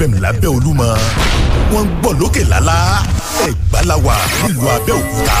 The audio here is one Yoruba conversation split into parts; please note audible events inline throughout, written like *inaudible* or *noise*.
fm lábẹ́ olúmọ wọ́n ń gbọ́ lókè lálá ẹ̀gbá la wà nílùú abẹ́òkúta.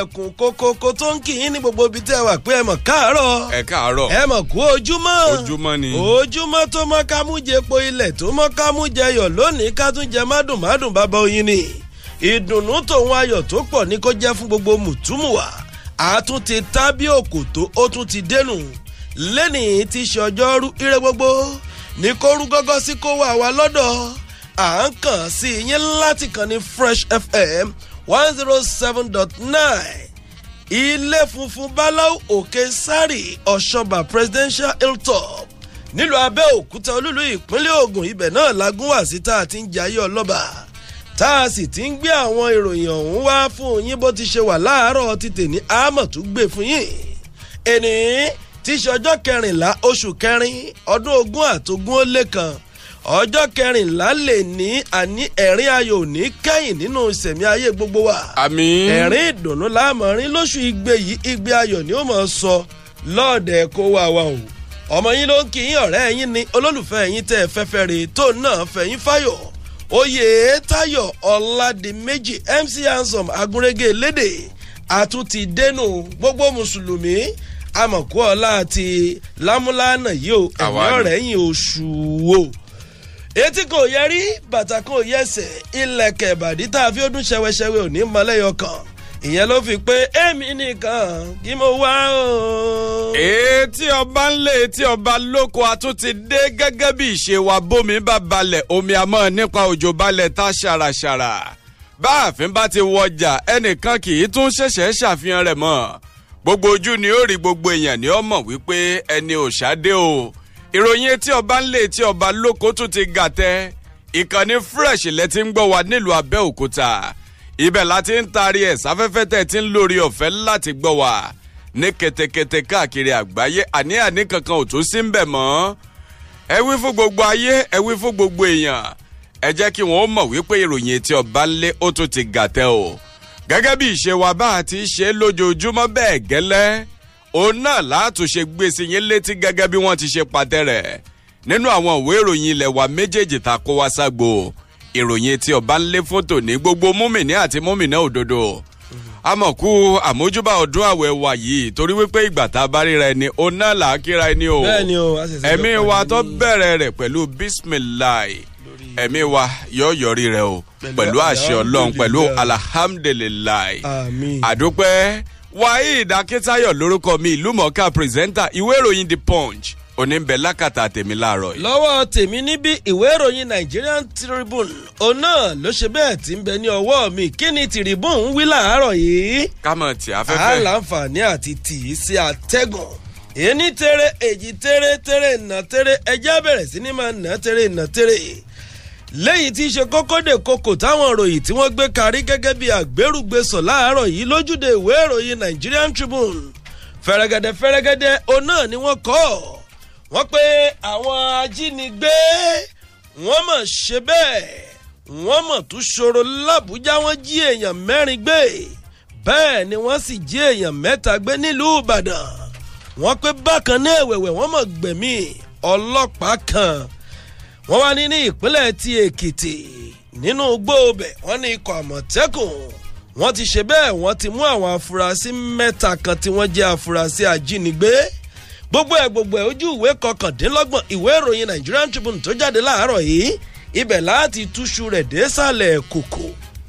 ẹkùn kokoko tó ń kì ní gbogbo ibi tẹ́ wà pé ẹ mọ̀ káàárọ̀. ẹ káàárọ̀. ẹ mọ̀ kú ojúmọ́. ojúmọ́ ni. ojúmọ́ tó mọ́ ká po ilẹ̀ tó mọ́ ká mú lónìí ká tún jẹ mádùnmádùn bàbá oyin ni. ìdùnnú tòun ayọ̀ tó pọ̀ ní kó jẹ́ fún gbogbo mùtúmùwà. àtún ti tábí òkòtó ó tún ti dénú. lẹ́nìí ti ṣe ọjọ́rú ire gbogbo ní kó rú gọ́gọ́ sí kó wà wá lọ́dọ̀ à ń kàn sí yín láti kàn ní fresh fm one zero seven dot nine ilé funfun báláú òkè sárì ọ̀ṣọ́bà presidential hilltop nílùú abẹ́òkúta olúlu ìpínlẹ̀ ogun ibẹ̀ náà lagún wá síta àti ń jayé ọlọ́ba tá a sì ti ń gbé àwọn ìròyìn ọ̀hún wá fún yín bó ti ṣe wà láàárọ̀ ti tèmi àmọ̀tún gbé fún yín ènìyàn tí ọjọ́ kẹrìnlá oṣù kẹrin ọdún ogún àtogún ó lé kan ọjọ́ kẹrìnlá lè ní àní ẹ̀rín ayọ̀ ní kẹ́yìn nínú ìsẹ̀mí ayé gbogbo wa. àmín. ẹ̀rín ìdùnnú láàmọ́rin lóṣù igbe yìí igbe ayọ̀ ni ó mọ̀ sọ lọ́ọ̀dẹ̀ kó wa wa o ọmọ yín ló ń kí yín ọ̀rẹ́ yín ni olólùfẹ́ yín tẹ́ fẹ́fẹ́ rè tó náà fẹ̀yìn fáyọ̀ oyè tayo ọ̀làdìmẹ́jì mc ansom agúnrégé lédè àtúntì dénú gbogbo mùsùlùmí àmọ̀kú àti lámúlánà yìí o ẹ̀mí ọ̀rẹ́ yín oṣù o etí kò yẹ rí bàtà kò yẹ ẹsẹ̀ ilẹ̀kẹ̀ ìbàdí tá a fi ó dún ṣẹwẹṣẹwẹ òní mọ́lẹ́yọ kan ìyẹn ló fi pé èmi nìkan kí mo wá o. etí ọba ńlẹ̀ etí ọba lóko àtúntì dé gẹ́gẹ́ bí ìṣe wa bómi bá balẹ̀ omi àmọ́ nípa òjò balẹ̀ tá ṣàràṣàrà bá àfin bá ti wọjà ẹnìkan kì í tún ṣẹ̀ṣẹ̀ ṣàfihàn rẹ̀ mọ́ gbogbo ojú ni ó rí gbogbo èèyàn ni ó mọ̀ wípé ẹni ò ṣáde o ìròyìn etí ọba ńlẹ̀ etí ọba lóko tún ti gàtẹ́ ìkànnì fresh lẹ ti ń gbọ́ wa nílùú Abẹ́òkúta ibẹ̀ láti ń taari ẹ̀ sáfẹ́fẹ́ tẹ̀ ti ń lórí ọ̀fẹ́ láti gbọ́ wa ní kẹ̀tẹ̀kẹ̀tẹ̀ káàkiri àgbáyé àní àní kankan ò tún sí ń bẹ̀ mọ́ ẹ wí fún gbogbo ayé ẹ wí fún gbogbo èèyàn ẹ jẹ́ kí wọ́n mọ̀ wípé ìròyìn etí ọba ńlẹ̀ ó tún ti gàtẹ́ o gẹ́gẹ́ bí ìṣe wa bá a ti lójoojúmọ́ bẹ́ẹ̀ gẹ́lẹ́ òun náà látúnṣe gbèsè yín létí gẹ́gẹ́ bí wọ́n ti ṣe pàtẹ rẹ̀ nínú àwọn ìwé ìròyìn ilẹ̀ wa méjèèjì ta kó wá ságbo ìròyìn tí ọba ń lé fótò ní gbogbo múmìnì àti múmìnà òdodo amọ̀kú àmójúbà ọdún àwẹ̀ wa yìí torí wípé ìgbà tá a bá ríra ẹni òun náà là á kíra ẹni o ẹ̀mí wa tó bẹ̀rẹ̀ rẹ̀ pẹ̀lú bisimilayi ẹ̀mí wa yóò yọrí rẹ̀ o pẹ̀lú àṣẹ ọlọ́run pẹ̀lú alhamdulilayi àdúpẹ́ waheed akitayo lórúkọ mi ìlú mọ̀ọ́ká pírẹsẹ́ńtà ìwé ìròyìn the punch òní ń bẹ lákàtà tèmi láàárọ̀ yìí. lọ́wọ́ tèmi níbi ìwé ìròyìn nigerian tribune òun náà ló ṣe bẹ́ẹ̀ tí ń bẹ ní ọwọ́ mi kí ni tribune ń wí láàárọ̀ yìí. kámọ̀ tí afẹ́fẹ́. aláǹfààní àti tì í sí àtẹ́gùn èyí ní tẹ́rẹ̀ èjì tẹ́rẹ̀ tẹ́rẹ̀ ìnà tẹ́rẹ̀ ẹjẹ́ bẹ̀rẹ̀ sí ni máa nà tẹ́rẹ̀ ìnà tẹ́rẹ̀ yìí lẹ́yìn tí í ṣe kókódè koko táwọn ìròyìn tí wọ́n gbé karí gẹ́gẹ́ bí àgbérùgbésọ̀ láàárọ̀ yìí lójúde ìwé ìròyìn Nigerian Tribune fẹ̀rẹ̀gẹ̀dẹ̀ fẹ̀rẹ̀gẹ̀dẹ̀ òun náà ni wọ́n kọ́ wọ́n pé àwọn ajínigbé wọ́n mọ̀ ṣe bẹ́ẹ̀ wọ́n mọ̀ tún ṣòro l'Àbújá wọ́n jí èèyàn mẹ́rin gbé bẹ́ẹ̀ ni wọ́n sì jí èèyàn mẹ́ta gbé nílùú Ìbàdàn wọ́n pé bákan ní ẹ̀wẹ̀wẹ̀ wọ́n mọ̀ gbẹ̀mí ọlọ́pàá kan wọ́n wá ní ní ìpínlẹ̀ ti èkìtì nínú gbóòbẹ̀ wọ́n ní ikọ̀ àmọ̀tẹ́kùn wọ́n ti ṣe bẹ́ẹ̀ wọ́n ti mú àwọn afurasí mẹ́ta kan tí wọ́n jẹ́ afurasí ajínigbé gbogbo ẹ̀ gbogbo ẹ̀ ojú ìwé kọkàndínlọ́gbọ̀n ìwé ìròyìn Nigerian Tribune tó jáde láàárọ̀ yìí ibẹ̀ láti túṣu rẹ̀ désàlẹ̀ kòkò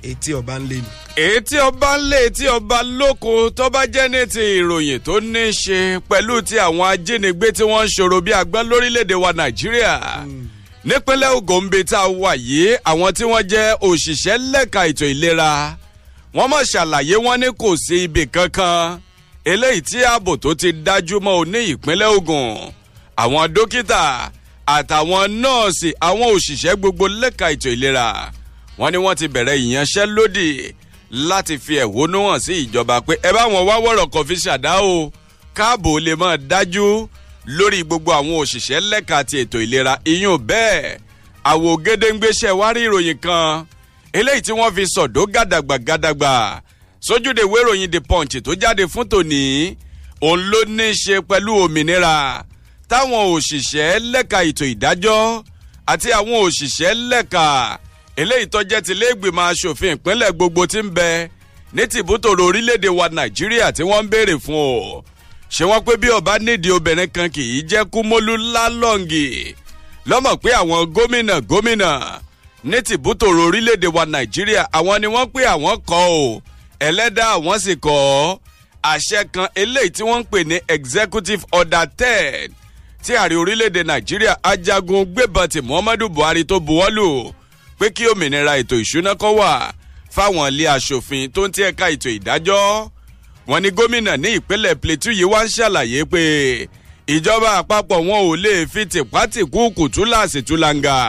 etí ọba ń lé mi. etí ọba ń lé etí ọba lóko tó bá jẹ́ ní ti ìròyìn tó ní í ṣe pẹ̀lú ti àwọn ajínigbé tí wọ́n ń ṣòro bí agbọ́n lórílẹ̀‐èdè wa Nàìjíríà. Mm nípínlẹ̀ Ògòǹbè tá a wà yìí àwọn tí wọ́n jẹ́ òṣìṣẹ́ lẹ́ka ètò ìlera wọ́n mọ̀ ṣàlàyé wọn ní kò sí ibì kankan eléyìí tí ààbò tó ti dájú mọ́ ò ní ìpínlẹ̀ Ògùn àwọn dókítà àtàwọn nọ́ọ̀sì àwọn òṣìṣẹ́ gbogbo lẹ́ka ètò ìlera wọ́n ní wọ́n ti bẹ̀rẹ̀ ìyanṣẹ́lódì láti fi ẹ̀hónú hàn sí ìjọba pé ẹ bá wọn wá wọ̀rọ̀ kọfí ṣàdá o káàbò lè máa dájú lórí gbogbo àwọn òṣìṣẹ́ lẹ́ka ti ètò ìlera iyún bẹ́ẹ̀ àwò gédéǹgbéṣẹ́ wá rí ìròyìn kan eléyìí tí wọ́n fi sọ̀dọ̀ gàdàgbà gàdàgbà sójúde ìwé ìròyìn the punch tó jáde fún tòní òun ló ní í ṣe pẹ̀lú òmìnira táwọn òṣìṣẹ́ lẹ́ka ètò ìdájọ́ àti àwọn òṣìṣẹ́ lẹ́ka eléyìí tọ́jẹ́ ti lẹ́gbìmọ̀ asòfin ìpínlẹ̀ gbogbo ti ń bẹ ní tìbútòrò orílẹ̀-èdè wa nàìjíríà tí wọ́n ń béèrè fún o ṣé wọ́n pé bí ọba nídìí obìnrin kan kì í jẹ́ kúmólú lálọ́ǹgì lọ́mọ̀ pé àwọn gómìnà gómìnà ní tìbútòrò orílẹ̀-èdè wa nàìjíríà àwọn ni wọ́n pé àwọn kọ́ ò ẹlẹ́dà àwọn sì kọ́ àṣẹ kan eléyìí tí wọ́n ń pè ní executive order ten tí ààrẹ orílẹ̀-èdè nàìjíríà ajagun gbébọn ti muhammadu buhari tó buwọ́lù pé kí òmìnira ètò ìṣúná kó wà fáwọn ilé aṣòfin tó ń ti ẹ̀ka ètò ìdájọ́ wọ́n ní gómìnà ní ìpínlẹ̀ Plateau yìí wá ń ṣàlàyé pé ìjọba àpapọ̀ wọn ò lè fi tìpátìkúùkù túláàsì túlanga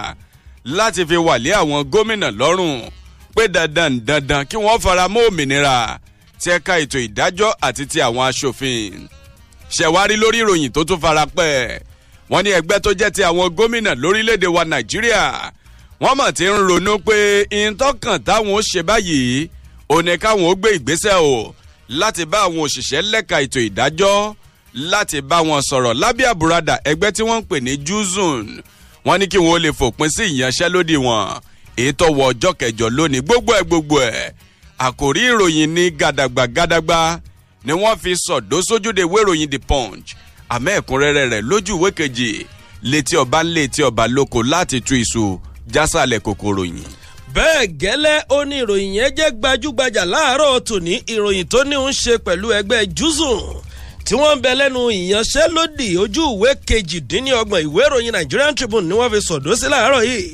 láti fi wàlé àwọn gómìnà lọ́rùn pé dandan dandan kí wọ́n fara mọ́ òmìnira ti ẹ̀ka ètò ìdájọ́ àti ti àwọn aṣòfin ṣẹ̀wárí lórí ìròyìn tó tún fara pẹ́ wọ́n ní ẹgbẹ́ tó jẹ́ ti àwọn gómìnà lórílẹ̀‐èdè wa Nàìjíríà wọ́n mọ̀ ti ń ronú pé ìtọ́kàn táwọn ó ṣe báyìí òní káwọn ó gbé ìgbésẹ̀ o láti bá àwọn òṣìṣẹ́ lẹ́ka ètò ìdájọ́ láti bá wọn sọ̀rọ̀ lábẹ́ àbúradà ẹgbẹ́ tí wọ́n ń pè ní juzun wọ́n ní kí wọ́n lè fòpin sí ìyanṣẹ́lódì wọn ètò wọ ọjọ́ kẹjọ lónìí gbogbo ẹ̀ gbogbo ẹ̀ àkòrí ìròyìn ní gàdàgbà gàdàgbà ni wọ́n fi sọ̀dọ́ sójúde ìwé ìròyìn the punch àmọ́ ẹ̀kúnrẹ́rẹ́ rẹ̀ lójú ìwé kejì létí ọba létí ọba lóko láti tu ìṣù jásàlẹ̀ kòkòrò yìí bẹ́ẹ̀ gẹ́lẹ́ ó ní ìròyìn yẹn jẹ́ gbajúgbajà láàárọ̀ tòní ìròyìn tó ní ń ṣe pẹ̀lú ẹgbẹ́ júùsù tí wọ́n ń bẹ lẹ́nu ìyanṣẹ́lódì ojú ìwé kejìdínlọ́gbọ̀n ìwé ìròyìn Nigerian Tribune ni wọ́n fi sọ̀dọ́ sí láàárọ̀ yìí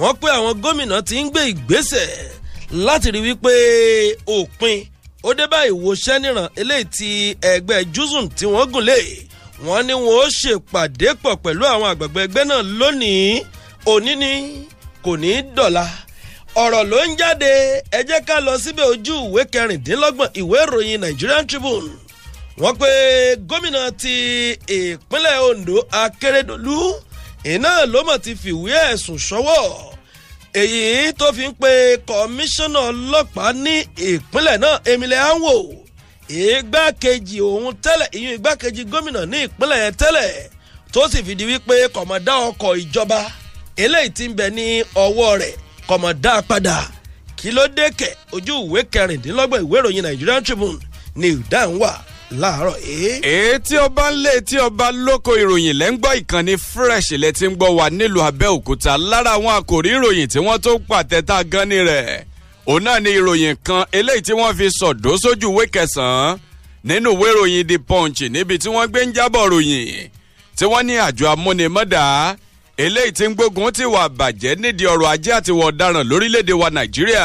wọ́n pé àwọn gómìnà ti ń gbé ìgbésẹ̀ láti rí wípé òpin ó dé bá ìwòsàn níran eléyìí ti ẹgbẹ́ júùsù tí wọ́n gùn lé wọ́n ní wọ́n ó ṣèpàdé pọ̀ pẹ̀lú àwọn àgbàgbọ́ ẹgbẹ́ náà lónìí òní ni kò ní dọ̀la ọ̀rọ̀ ló ń jáde ẹ jẹ́ ká lọ síbẹ̀ ojú ìwé kẹrìndínlọ́gbọ̀n ìwé ìròyìn Nigerian Tribune wọ́n pé gómìnà ti ìpínlẹ̀ Ondo Akérèdọ́lù iná ló mọ̀ ti fìwé ẹ̀sùn ṣọwọ́ èyí tó fi ń pe kọmíṣánná ọlọ́pàá ní ìpínlẹ̀ náà Emile Anwo ìgbákejì òun tẹ́lẹ̀ ìyún ìgbákejì gómìnà ní ìpínlẹ̀ tẹ́lẹ̀ tó sì fìdí wípé kọ̀mọ̀dá ọkọ̀ ìjọba eléyìí ti ń bẹ ní ọwọ́ rẹ̀ kọmọ dá a padà kí ló dé kẹ ojú ìwé kẹrìndínlọ́gbọ̀n ìwé ìròyìn Nigerian Tribune ni ìdáhùn wà láàárọ̀ èé. èé tí ọba ń lé tí ọba lóko ìròyìn lẹ́ńgbọ́ ìkànnì fresh lẹ ti ń gbọ́ wà nílùú Abẹ́òkúta lára àwọn àkòrí ìròyìn tí wọ́n tó pàtẹ́ tá a gan ni rẹ̀ òun náà ni ìròyìn kan eléyìí tí wọ́n fi sọ̀dọ́ sójú ìwé kẹsàn-án nínú ìwé ìròyìn the punch níbi tí wọ́n gbé ń jábọ̀ ròyìn tí wọ́n ní àjọ amúnimọ́dà eléyìí tí ń gbógun ti wà bàjẹ́ nídìí ọrọ̀ ajé àti wọ̀ ọ̀daràn lórílẹ̀‐èdè wa nàìjíríà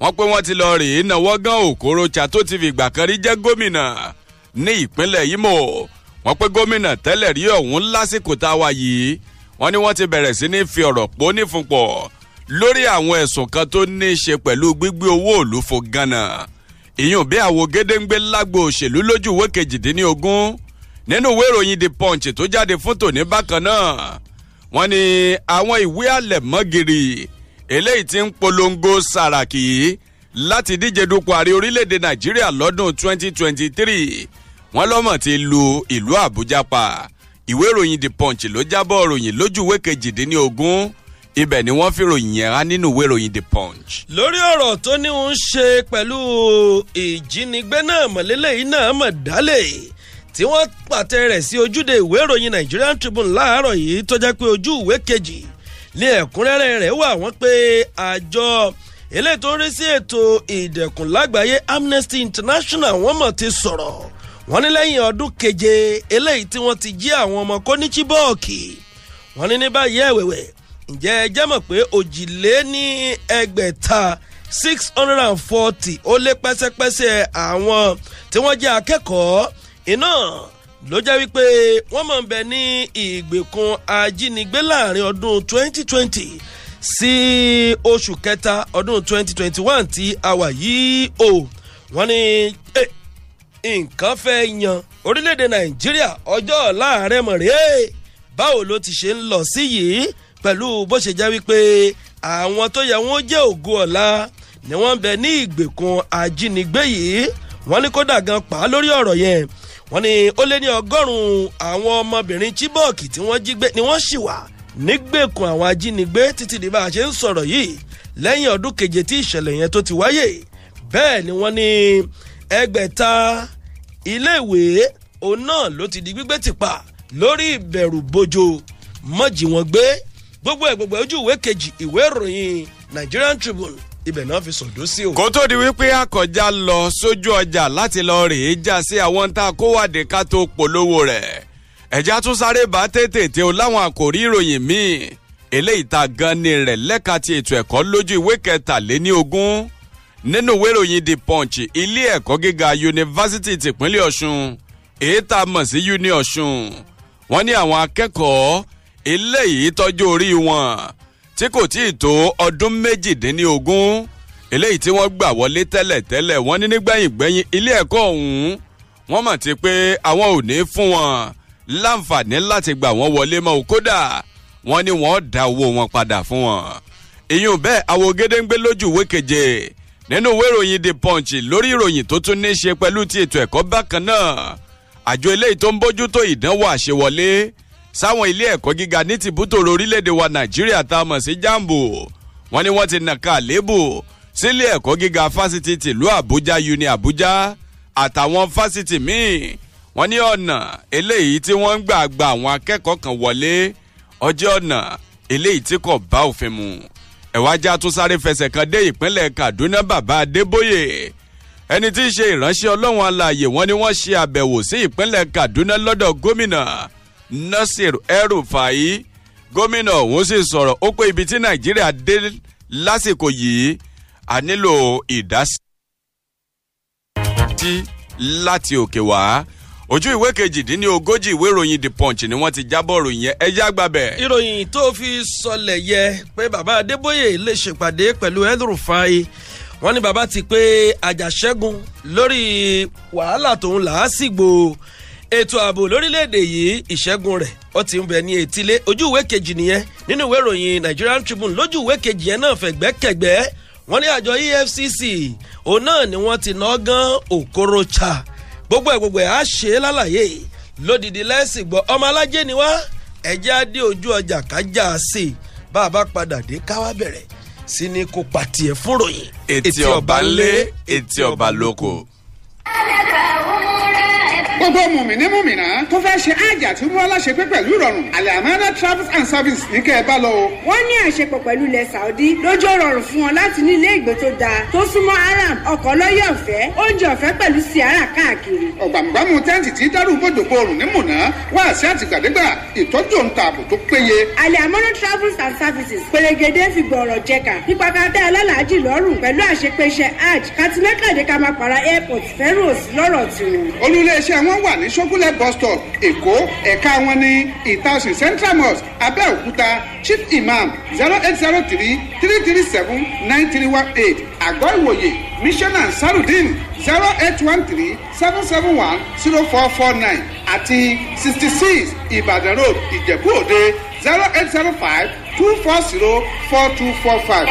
wọ́n pé wọ́n ti lọ rèé náwó gan Okorocha tó ti fìgbà kan rí jẹ́ gómìnà ní ìpínlẹ̀ Imo wọ́n pé gómìnà tẹ́lẹ̀ rí ọ̀hún lásìkò tá a wà yìí wọ́n ní wọ́n ti bẹ̀rẹ̀ sí ní fi ọ̀rọ̀ pó nífunpọ̀ lórí àwọn ẹ̀sùn kan tó ní í ṣe pẹ̀lú gbígbé owó ìlú fo gánà ìyún bí àwo gédéǹgbé lágbo òṣèlú lójú ìwé kejìdínlógún nínú ìwé ìròyìn The Punch tó jáde fún tòní bákan náà wọ́n ní àwọn ìwé àlẹ̀mọ́gìrì eléyìí tí ń polongo saraki láti díje dupò ààrẹ orílẹ̀-èdè Nàìjíríà lọ́dún 2023 wọ́n lọ́mọ̀ ti lu ìlú Àbújá pa ìwé ìròyìn The Punch ló jábọ̀ ròyìn lójú ìwé kejìdínlógún ibẹ̀ ni wọ́n fi ròyìn yẹn hàn nínú ìwé ìròyìn The Punch. lórí ọ̀rọ̀ tó ní ń ṣe pẹ̀lú ìjínigbé náà mọ̀lélẹ́yìn náà mọ̀ dálé tí wọ́n pàtẹ rẹ̀ sí ojúde ìwé ìròyìn Nigerian Tribune láàárọ̀ yìí tó jẹ́ pé ojú ìwé kejì ní ẹ̀kúnrẹ́rẹ́ rẹ̀ wà wọ́n pé àjọ eléyìí tó sí ètò ìdẹ̀kùn lágbàáyé Amnesty International wọ́n mọ̀ ti sọ̀rọ̀ wọ́n ní lẹ́yìn ọdún keje eléyìí tí wọ́n ti jí àwọn ọmọ kó ní Chibọ́ọ̀kì wọ́n ní ní báyìí ẹ̀wẹ̀wẹ̀ ǹjẹ́ ẹ jẹ́ mọ̀ pé òjìlé ní ẹgbẹ̀ta six hundred and forty ó lé pẹ́sẹ́pẹ́sẹ́ àwọn tí wọ́n jẹ́ akẹ́kọ̀ọ́ iná ló jẹ́ wípé wọ́n mọ̀ ń bẹ ní ìgbèkùn ajínigbé láàrin ọdún 2020 sí oṣù kẹta ọdún 2021 tí a wà yìí o wọ́n ní nǹkan fẹ́ yan orílẹ̀-èdè nàìjíríà ọjọ́ láàárẹ̀ mọ̀ rèé báwo ló ti ṣe ń lọ sí yìí pẹ̀lú bó ṣe jẹ́ wípé àwọn tó yẹ wọ́n jẹ́ ògo ọ̀la ni wọ́n bẹ ní ìgbèkùn ajínigbé yìí wọ́n ní kódà gan pa á lórí ọ̀rọ̀ yẹn wọ́n ní ó lé ní ọgọ́rùn-ún àwọn ọmọbìnrin chibok tí wọ́n jí gbé ni wọ́n sì wà nígbèkùn àwọn ajínigbé títí di bá a ṣe ń sọ̀rọ̀ yìí lẹ́yìn ọdún keje tí ìṣẹ̀lẹ̀ yẹn tó ti wáyé bẹ́ẹ̀ ni wọ́n ní ẹgbẹ̀ta iléèwé òun náà ló ti di gbígbé tìpa lórí ìbẹ̀rù bojo mọ́jì wọn gbé gbogbo ẹ̀ gbogbo ojú ìwé kejì ìwé ìròyìn Nigerian Tribune ibẹ̀ náà fi sọ̀dọ́ sí o. kó tó di wípé akọjá lọ sójú ọjà láti lọ rèé já sí àwọn tá a kó wàdí ká tó polówó rẹ̀ ẹ̀já tún sáré bá tètè tí o láwọn àkòrí ìròyìn míì eléyìí ta gan ni rẹ̀ lẹ́ka ti ètò ẹ̀kọ́ lójú ìwé kẹtàléní nínú ìròyìn the punch ilé ẹ̀kọ́ gíga yunifásitì tìpínlẹ̀ ọ̀ṣun èyí tá a mọ̀ sí uni ọ̀ṣun wọ́n ní àwọn akẹ́kọ̀ọ́ eléyìí tọ́jú orí wọn tí kò tí ì tó ọdún méjìdínlógún eléyìí tí wọ́n gbà wọlé tẹ́lẹ̀tẹ́lẹ̀ wọ́n ní nígbẹ̀yìngbẹ̀yìn ilé ẹ̀kọ́ ọ̀hún wọ́n mọ̀ ti pé àwọn ò ní fún wọn láǹfààní láti gbà wọ́n wọlé mọ́ ò kódà wọ́n ní wọ́n dá owó wọn padà fún wọn. ìyún bẹ́ẹ̀ àwo gédéǹgbé lójú ìwé keje nínú ìwé ìròyìn the punch lórí ìròyìn tó tún ní í ṣe pẹ̀lú ti ètò ẹ̀kọ́ bákan náà àjọ eléyìí tó ń bójútó ìdánwò àṣewọlé sáwọn ilé ẹ̀kọ́ gíga ní tìbútòrò orílẹ̀-èdè wa nàìjíríà tá a mọ̀ sí jambo wọ́n ní wọ́n ti nàka àlébù sílé ẹ̀kọ́ gíga fásitì tìlú àbújá uni àbújá àtàwọn fásitì míì wọ́n ní ọ̀nà eléyìí tí wọ́n ń gbà gba àwọn akẹ́kọ̀ọ́ kan wọlé ọjọ́ ọ̀nà eléyìí tí kò bá òfin mu ẹ̀wájà tún sáré fẹsẹ̀ kan dé ìpínlẹ̀ kaduna bàbá adébóyè ẹni tí í ṣe ìránṣẹ́ ọlọ́run alààyè wọ́n ní wọ́n ṣe àbẹ̀wò sí ìpínlẹ̀ kaduna lọ́dọ̀ gómìnà Nasir El-Rufai gómìnà òun sì sọ̀rọ̀ ó pé ibi tí Nàìjíríà dé lásìkò yìí a nílò ìdásí láti òkè wá ojú ìwé kejìdínní ìwé ìròyìn the punch ni wọ́n ti jábọ̀ ròyìn yẹn ẹ yá gbàbẹ̀. ìròyìn tó fi sọlẹ̀ yẹ pé bàbá Adébóyè lè ṣèpàdé pẹ̀lú El-Rufai wọ́n ní bàbá ti pé Àjàṣẹ́gun lórí wàhálà tòun làásìgbò. Si ètò ààbò lórílẹ̀‐èdè yìí ìṣẹ́gun rẹ̀ ó ti ń bẹ ní etílé ojú ìwé kejì nìyẹn nínú ìwé ìròyìn Nigerian Tribune lójú ìwé kejì yẹn náà fẹ̀gbẹ́kẹ̀gbẹ́ wọ́n ní àjọ EFCC òun náà ni wọ́n ti ná gan Okorocha gbogbo ẹ̀ gbogbo ẹ̀ á ṣe é lálàyé lódìdí lẹ́sìn gbọ́ ọmọ alájẹ́ ni wá ẹ̀jẹ̀ á dé ojú ọjà kájà sí bá a bá padà dé káwá bẹ̀rẹ̀ sí ni kò pàtì ẹ̀ fúnròyìn gbogbo mùmìnì mùmìnà tó fẹ́ ṣe àjà tí wọ́n láṣepé pẹ̀lú ìrọ̀rùn àlẹ́ àmàlà travels and service. ní kẹ́ ẹ bá lọ o. wọ́n ní àṣepọ̀ pẹ̀lú ilẹ̀ Saudi lójó rọrùn fún wọn láti ní ilé ìgbé tó dáa tó súnmọ́ aram ọkọ̀ lọ́yẹ̀ ọ̀fẹ́ oúnjẹ ọ̀fẹ́ pẹ̀lú siara káàkiri. ọ̀gbàmùgbàmù tẹ́ǹtì tí dárú bòdògbò òrùn ní mùnà wá sí àtìgbàdégbà ìtọ́jú òǹtà wọ́n wà ní ṣógúnlẹ̀ bus stop èkó ẹ̀ka wọn ní ìtàsùn central mosque abẹ́òkúta chief imam zero eight zero three three three seven nine three one eight àgọ́ ìwòye missioner Saludin zero eight one three seven seven one zero four four nine àti sixty six ìbàdàn road ìjẹ̀bú òde zero eight zero five two four zero four two four five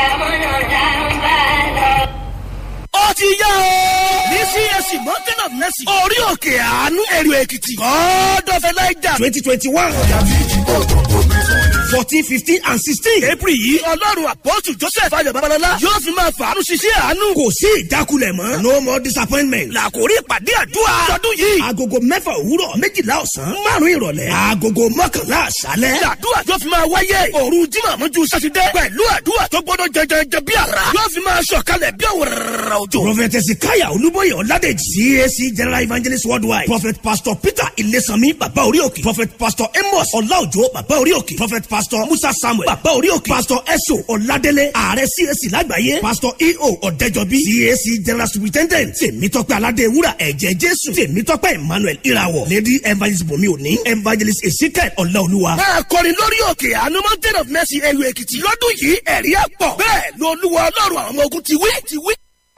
ó ti yá o. ní csc mountain of mercy orí òkè àánú èrò èkìtì. God of Elijah twenty twenty one. ọjà bíi ìdìbò tó kọ mẹ́ fourteen fifteen and sixteen april yìí ọlọ́run àpọ́tù joseph ayọ̀ babalọ́lá yóò fi máa fàánú ṣiṣẹ́ àánú kò sí ìjákulẹ̀ mọ́ no more disappointment làkórí ìpàdé àdúrà tọdún yìí agogo mẹ́fà òwúrọ̀ méjìlá ọ̀sán márùn-ún ìrọ̀lẹ́ agogo mọ́kànlá àṣálẹ́ làdúrà yóò fi máa wáyé òru jímọ̀ mọ́jú sátidé pẹ̀lú àdúrà tó gbọ́dọ̀ jẹjẹrẹ bí àrà yóò fi máa sọ̀kalẹ̀ bí àwòrán òjò. prọfẹtẹsì káyà olúbọyọ ọládẹjì cac general evangelist worldwide prophet pastor peter ilesami baba prophet pastor amos ọláòjò baba prophet pastor pastor musa samuel bàbá orí òkè pastor eso ọládélé ààrẹ cac lágbàáyé pastor eo ọ̀dẹ́jọbí cac general superintendent tèmítọ́pẹ́ aládé wúrà ẹ̀jẹ̀ jésù tèmítọ́pẹ́ emmanuel irawọ lady evangelist bomi òní evangelist ezekiel ọláolúwa. máa kọrin lórí òkè àánú mountain of mercy ẹ̀yọ èkìtì lọ́dún yìí ẹ̀rí ẹ̀ pọ̀ bẹ́ẹ̀ lọ́lúwa ọlọ́run àwọn ọmọ ogun ti wí ti wí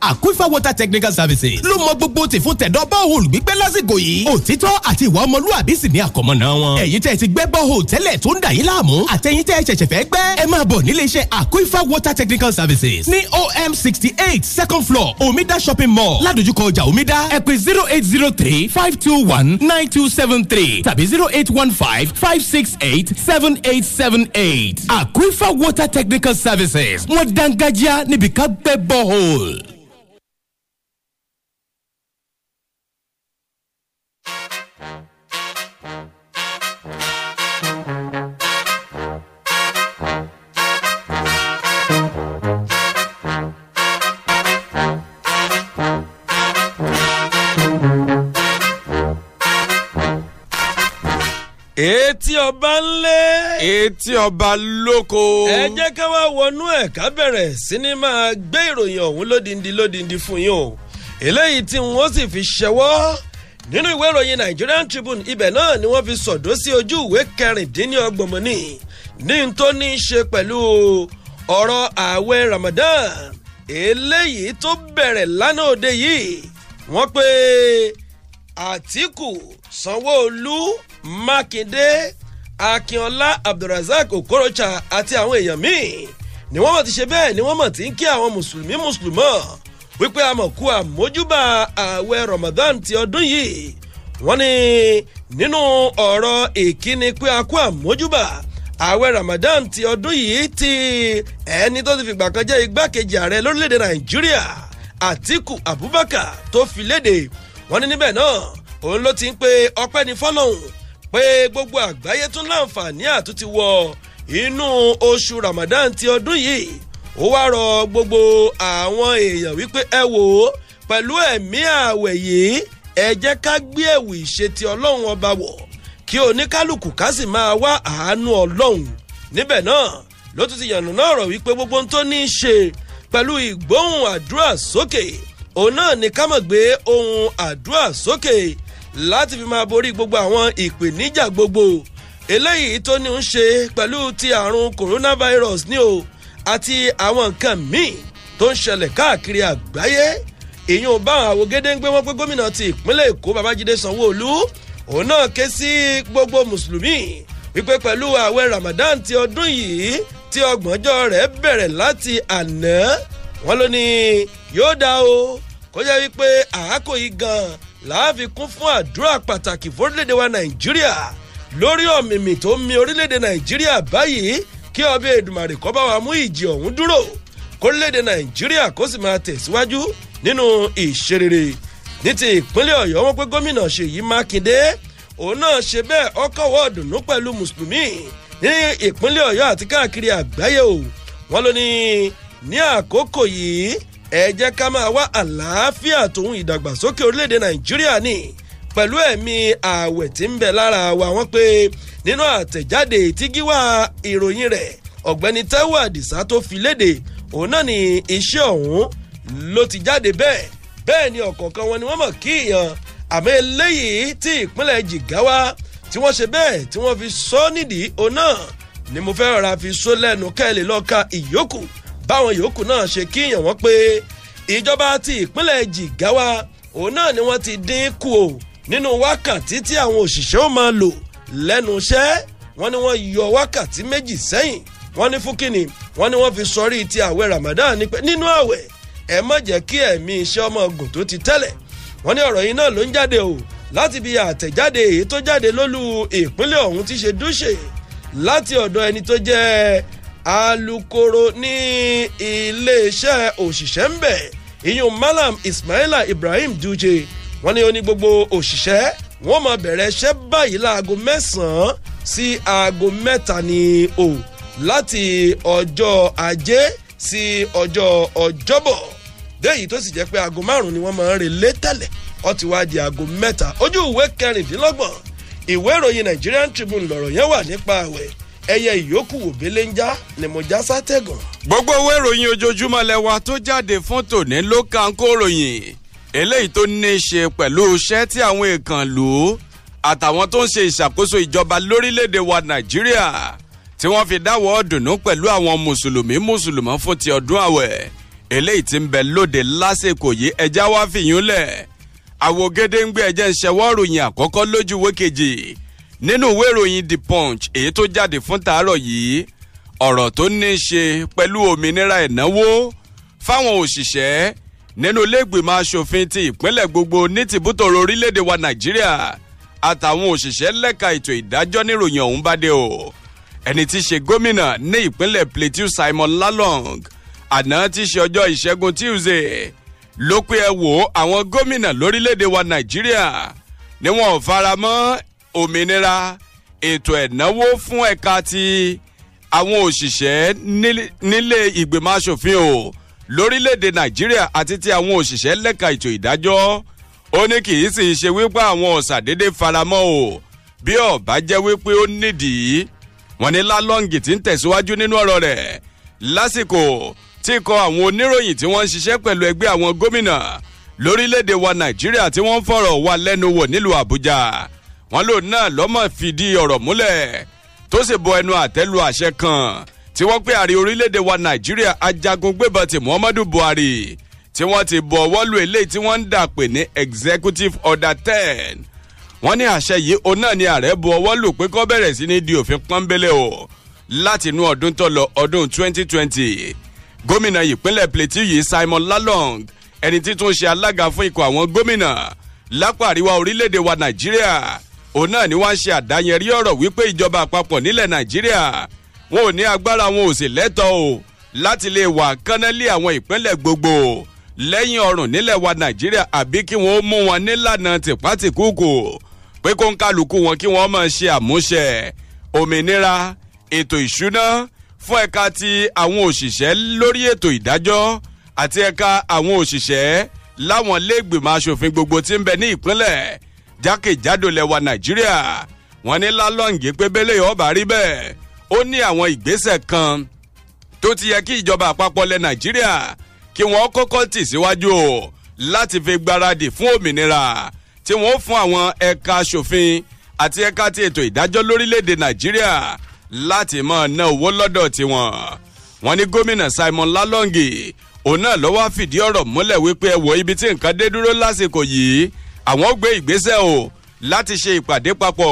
Aquifer water technical services ló mọ gbogbo tì fún tẹ̀dọ́ bọ́ọ̀hù gbígbẹ́ lásìkò yìí òtítọ́ àti ìwà ọmọlúwàbí sì ní àkọ́mọ́ná wọn. ẹ̀yin tẹ́ ẹ ti gbẹ́ bọ́ọ̀hù tẹ́lẹ̀ tó ń dà yín láàmú àtẹ̀yin tẹ́ ẹ ṣẹ̀ṣẹ̀ fẹ́ gbẹ́ ẹ máa bọ̀ nílé iṣẹ́ Aquifer water technical services ní OM sixty eight second floor Omida shopping mall ládojúkọ ọjà Omida ẹ zero eight zero three five two one nine two seven three tàbí zero eight one five five six eight seven eight seven eight Aquifer water technical services wọ́n dángájá níbi ká gbẹ́ bọ́ọ̀hù. etí ọba ńlẹ̀. etí ọba lóko. ẹ jẹ́ ká wá wọnú ẹ̀ ká bẹ̀rẹ̀ sí ni máa gbé ìròyìn ọ̀hún lódindi lódindi fún yín o eléyìí tí wọ́n sì fi ṣẹwọ́ nínú ìwé ìròyìn Nigerian Tribune ibẹ̀ náà ni wọ́n fi sọ̀dọ́ sí ojú ìwé kẹrìndínlọ́gbọ̀n ní ní n tó ní í ṣe pẹ̀lú ọ̀rọ̀ ààwẹ̀ Ramadan eléyìí tó bẹ̀rẹ̀ lánàá òde yìí wọ́n pe Àtíkù Sanwó-Olú mákindé akínọlá abdulrasaq okorocha àti àwọn èèyàn míì ni wọ́n mọ̀ ti ṣe bẹ́ẹ̀ ni wọ́n mọ̀ ti ń kí àwọn mùsùlùmí mùsùlùmọ́ wípé amọ̀kú àmójúbà ààwẹ̀ ramadan ti ọdún yìí wọ́n ní nínú ọ̀rọ̀ ìkíni pé akú àmójúbà ààwẹ̀ ramadan ti ọdún yìí ti ẹni tó ti fìgbà kan jẹ́ igbákejì ààrẹ lórílẹ̀‐èdè nàìjíríà àtìkù abubakar tó fi léde wọ́n ní níbẹ̀ náà òun ló ti ń pe ọpẹ́ ní fọ́lọ́hún pé gbogbo àgbáyé tún láǹfààní àtúntí wọ inú oṣù Ramadan ti ọdún yìí ó wá rọ gbogbo àwọn èèyàn wípé ẹ wò ó pẹ̀lú ẹ̀mí ààwẹ̀ yìí ẹ jẹ́ ká gbé ẹ̀wù ìṣe ti ọlọ́run ọba wọ̀ kí oníkálukú ká sì máa wá àánú ọlọ́run níbẹ̀ náà ló tún ti yànnà náà rọ̀ wípé gbogbo ohun tó ní í ṣe pẹ̀lú ìgbóhùn àdúrà sókè òun náà ni ká mọ̀ gbé ohùn àdúrà sókè. So láti fi máa borí gbogbo àwọn ìpèníjà gbogbo eléyìí tó ní ń ṣe pẹ̀lú ti àrùn coronavirus ni o àti àwọn nǹkan míì tó ń ṣẹlẹ̀ káàkiri àgbáyé èyí ò bá àwọn àwògede ń gbé wọn pé gómìnà ti ìpínlẹ̀ èkó babájídé sanwó-olú òun náà ké sí gbogbo mùsùlùmí wípé pẹ̀lú ààwẹ̀ ramadan ti ọdún yìí tí ọgbọ̀njọ́ rẹ̀ bẹ̀rẹ̀ láti àná wọn ló ní yóò dá o kó jẹ́ wípé àákò yìí gan-an láàfikún fún àdúrà pàtàkì fórílẹ̀-èdè wa nàìjíríà lórí ọ̀mìmì tó ń mi orílẹ̀-èdè nàìjíríà báyìí kí ọbẹ̀ èdùmàrè kọ́ bá wa mú ìjì ọ̀hún dúró kórílẹ̀-èdè nàìjíríà kó sì máa tẹ̀síwájú nínú ìṣerere ní ti ìpínlẹ̀ ọ̀yọ́ wọn pé gómìnà ṣèyí mákindé òun náà ṣe bẹ́ẹ̀ ọkọ̀wọ́ ọ̀dùnnú pẹ̀lú mùsùlùmí ní ìpínlẹ̀ ọ̀yọ́ àti káàkiri àgbáyé o wọn ló ní àkókò yìí ẹ jẹ́ ká máa wá àlàáfíà tòun ìdàgbàsókè orílẹ̀-èdè nàìjíríà ni pẹ̀lú ẹ̀mí ààwẹ̀ tí ń bẹ lára wa wọ́n pé nínú àtẹ̀jáde tí gíwá ìròyìn rẹ̀ ọ̀gbẹ́ni taiwo adisa tó fi léde òun náà ni iṣẹ́ ọ̀hún ló ti jáde bẹ́ẹ̀ bẹ́ẹ̀ ni ọ̀kọ̀ọ̀kan wọn ni wọ́n mọ̀ kí ìyàn àmọ́ eléyìí tí ìpínlẹ̀ jìgáwá tí wọ́n ṣe bẹ́ẹ̀ tí wọ́n fi sọ nídìí òun náà ni mo fẹ́ rọra fi sọ lẹ́nu kẹ́lẹ́ lọ́ka ìyókù báwọn yòókù náà ṣe kíyàn wọ́n pé ìjọba ti ìpínlẹ̀ Jigawa òun náà ni wọ́n ti dín kù o nínú wákàtí tí àwọn òṣìṣẹ́ ò máa lò lẹ́nu iṣẹ́ wọ́n ní wọ́n yọ wákàtí méjì sẹ́yìn wọ́n ní fúkìnì wọ́n ní wọ́n fi sọrí ti àwẹ̀ Ramadan ni pé nínú àwẹ̀ ẹ má jẹ́ kí ẹ̀mí iṣẹ́ ọmọ ogun tó ti tẹ́lẹ̀ wọ́n ní ọ̀rọ̀ yìí náà ló ń jáde o láti bi àtẹ̀jáde èyí tó jáde lólú ìpínlẹ̀ ọ̀hún ti ṣe dúṣe láti ọ̀dọ̀ ẹni tó jẹ́ alūkkóró ní iléeṣẹ́ òṣìṣẹ́ ń bẹ̀ ìyún malam ismaila ibrahim duje wọ́n ní ó ní gbogbo òṣìṣẹ́ wọ́n máa bẹ̀rẹ̀ iṣẹ́ báyìí láago mẹ́sàn-án sí aago mẹ́ta ni o láti ọjọ́ ajé sí ọjọ́ ọjọ́bọ̀ déyìí tó sì jẹ́ pé aago márùn-ún ni wọ́n máa ń relé tẹ̀lẹ̀ ó ti wá di aago mẹ́ta ojú ìwé kẹrìndínlọ́gbọ̀n ìwé ìròyìn nigerian tribune lọ̀rọ̀ yẹn wà nípa àwẹ̀ ẹyẹ ìyókù òbélé ń já ni mo já sátẹ̀gàn. gbogbo owó ìròyìn ojoojúmọ́ lẹ́wà tó jáde fún tòní ló kà ń kó ròyìn eléyìí tó ní í ṣe pẹ̀lú iṣẹ́ tí àwọn èèkànlò àtàwọn tó ń ṣe ìṣàkóso ìjọba lórílẹ̀‐èdè wa nàìjíríà tí wọ́n fi dáwọ́ ọ̀dùnnú pẹ̀lú àwọn mùsùlùmí mùsùlùmí fún ti ọdún àwẹ̀ eléyìí ti ń bẹ lóde lásìkò yìí ẹja wá fìyún lẹ̀ àwògede ń gbé ẹjẹ́ ń ṣẹwọ́ ròyìn àkọ́kọ́ lójú wékejì nínú ìwé ìròyìn the punch èyí tó jáde fún tàárọ̀ yìí ọ̀rọ̀ tó ní í ṣe pẹ̀lú òmìnira ìnáwó fáwọn òṣìṣẹ́ nínú iléègbìmọ̀ asòfin ti ìpínlẹ̀ gbogbo ní tìbútòrò orílẹ̀ wa nàìjíríà àtàwọn òṣìṣẹ́ lẹ́ka ètò ìdájọ́ níròyìn ọ̀hún bá dé o ẹni tí í ṣe gómìnà ní ìpínlẹ̀ plateau simon lalong àná tí í ṣe ọjọ́ ìṣẹ́gun tuesday ló pé ẹ wò àwọn gómìnà lórílẹ̀ wa nàìjíríà ni wọn ò fara mọ́ òmìnira ètò ẹ̀náwó fún ẹ̀ka ti àwọn òṣìṣẹ́ nílé ìgbìmọ̀ asòfin o lórílẹ̀‐èdè nàìjíríà àti ti àwọn òṣìṣẹ́ lẹ́ka ètò ìdájọ́ ó ní kì í sì ṣe wípé àwọn ọ̀sà déédéé faramọ́ o bí ọ̀bá jẹ́ wípé ó nídìí wọn ni lálọ́ǹgì tí ń tẹ̀síwájú nínú ọ̀rọ̀ rẹ̀ lásìkò tí kọ àwọn oníròyìn tí wọ́n ń ṣiṣẹ́ pẹ̀lú ẹgbẹ́ àwọn gómìnà lórílẹ̀‐èdè wa nàìjíríà tí wọ́n ń fọ̀rọ̀ wá lẹ́nu wò nílùú àbújá wọn lò náà lọ́mọ̀ fìdí ọ̀rọ̀ múlẹ̀ tó sì bọ ẹnu àtẹ́lu àṣẹ kan tí wọ́n pé àrí orílẹ̀ wa nàìjíríà ajagun gbébọn ti muhammadu buhari tí wọ́n ti bọ̀ ọwọ́ lu eléyìí tí wọ́n ń dà pé ní executive order ten wọ́n ní àṣẹ yìí òun náà ni ààrẹ bu ọwọ́ lù pé kó bẹ̀rẹ̀ sí ní di òfin pọ́nbélé o láti inú ọdún tó lọ ọdún 2020 gómìnà ìpínlẹ̀ Plateau yìí Simon Lalong ẹni títún ṣe alága fún ikọ̀ àwọn gómìnà lápá àríwá orílẹ̀-èdè wa Nàìjíríà òun náà ni wọ́n ń ṣe àdáyẹrí ọ̀rọ̀ wípé ìjọba àpapọ̀ nílẹ̀ nàìjíríà wọn ò ní agbára wọn ò sì lẹ́tọ̀ọ́ o láti lè wà kánálí àwọn ìpínlẹ̀ gbogbo lẹ́yìn ọrùn nílẹ̀ wa nàìjíríà àbí kí wọ́n mú wọn nílànà tìpátìkúkù pé kó ń kálukú wọn kí wọ́n máa ṣe àmúṣẹ òmìnira ètò ìṣúná fún ẹ̀ka ti àwọn òṣìṣẹ́ lórí ètò ìdájọ́ àti ẹ̀ka àwọn òṣìṣẹ́ láwọn iléègbìmọ̀ asòfin gbogbo tí ń bẹ ní ìpínlẹ̀ jákèjádò lẹwa nàìjíríà wọ́n ní lálọ́ǹgì pé bẹ́lẹ̀ ọba rí bẹ́ẹ̀ ó ní àwọn ìgbésẹ̀ kan tó ti yẹ kí ìjọba àpapọ̀ lẹ nàìjíríà kí wọ́n kọ́kọ́ tì síwájú o láti fi gbáradì fún òmìnira tí wọ́n fún àwọn ẹ̀ka aṣòfin àti ẹ̀ka ti ètò ìdájọ́ lórílẹ̀‐èdè nàìjíríà láti máa ná owó lọ́dọ̀ tiwọn wọ́n ní gómìnà Simon Lalongi òun náà ló wá fìdí ọ̀rọ̀ múlẹ̀ wípé ẹ wò ibi tí nǹkan dé dúró lásìkò yìí àwọn gbé ìgbésẹ̀ o láti ṣe ìpàdé papọ̀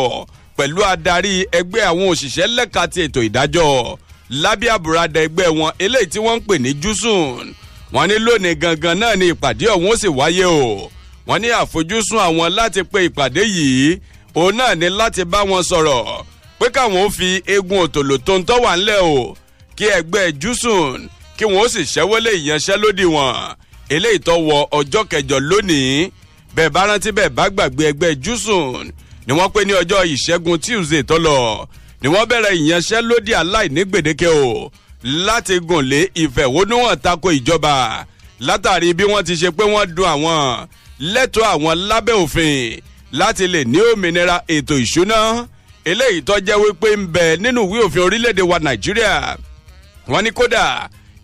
pẹ̀lú adarí ẹgbẹ́ àwọn òṣìṣẹ́ lẹ́ka ti ètò ìdájọ́ lábẹ́ àbúradà ẹgbẹ́ wọn eléyìí tí wọ́n ń pè ní júsùn wọ́n ní lónìí gangan náà ni ìpàdé ọ̀hún ó sì wáyé o wọ́n ní àfojúsùn àwọn láti pe ìpàdé yìí òun náà ni láti bá wọn sọ̀rọ̀ pé káwọn ó fi eegun òtòlò tó ń tọ́wà ńlẹ̀ o kí ẹgbẹ́ júsùn kí wọ́n ó sì ṣẹ́wọ́lé ìyanṣẹ́lódì wọn eléyìí tó wọ ọjọ́ kẹjọ lónìí bẹ́ẹ̀ bá rántí bẹ́ẹ̀ bá gbàgbé ẹgbẹ́ jusun ni wọ́n pé ní ọjọ́ ìṣẹ́gun tuesday tó lọ ni wọ́n bẹ̀rẹ̀ ìyanṣẹ́lódì aláìní gbèdéke o láti gùn lé ìfẹ̀hónúhàn tako ìjọba látàrí bí wọ́n ti ṣe pé wọ́n dun àwọn lẹ́tọ̀ọ́ àwọn lábẹ́ òfin láti lè ní òmìnira ètò ìṣúná eléyìí tó jẹ́ wípé ń bẹ nínú ìwé òfin orílẹ̀-èdè wa nàìjíríà wọ́n ní kódà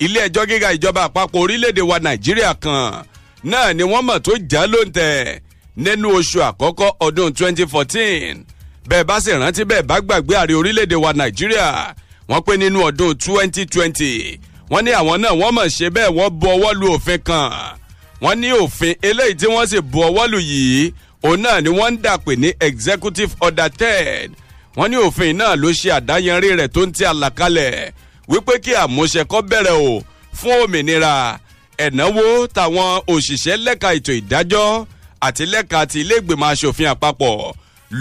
ilé ẹjọ́ gíga ìjọba àpapọ̀ orílẹ̀-èdè wa nàìjíríà kan náà ni wọ́n mọ̀ tó já ló ń nínú oṣù àkọ́kọ́ ọdún 2014 bẹ́ẹ̀ bá sì rántí bẹ́ẹ̀ bá gbàgbé ààrẹ orílẹ̀-èdè wa nàìjíríà wọ́n pé nínú ọdún 2020 wọ́n ní àwọn náà wọ́n mọ̀ ṣe bẹ́ẹ̀ wọ́n bu ọwọ́ lu òfin kan wọ́n ní òfin eléyìí tí wọ́n sì bu ọwọ́ lu yìí òun náà ni wọ́n ń dàpè ní executive order ten wọ́n ní òfin náà ló ṣe àdáyanrí rẹ̀ tó ń ti àlàkalẹ̀ wípé kí àmúṣe bẹ̀rẹ̀ o fún òmìnira ẹ̀náwó tàwọn òṣìṣẹ́ lẹ́ka ètò ìdájọ́ àti lẹ́ka ti iléègbèmọ̀ asòfin àpapọ̀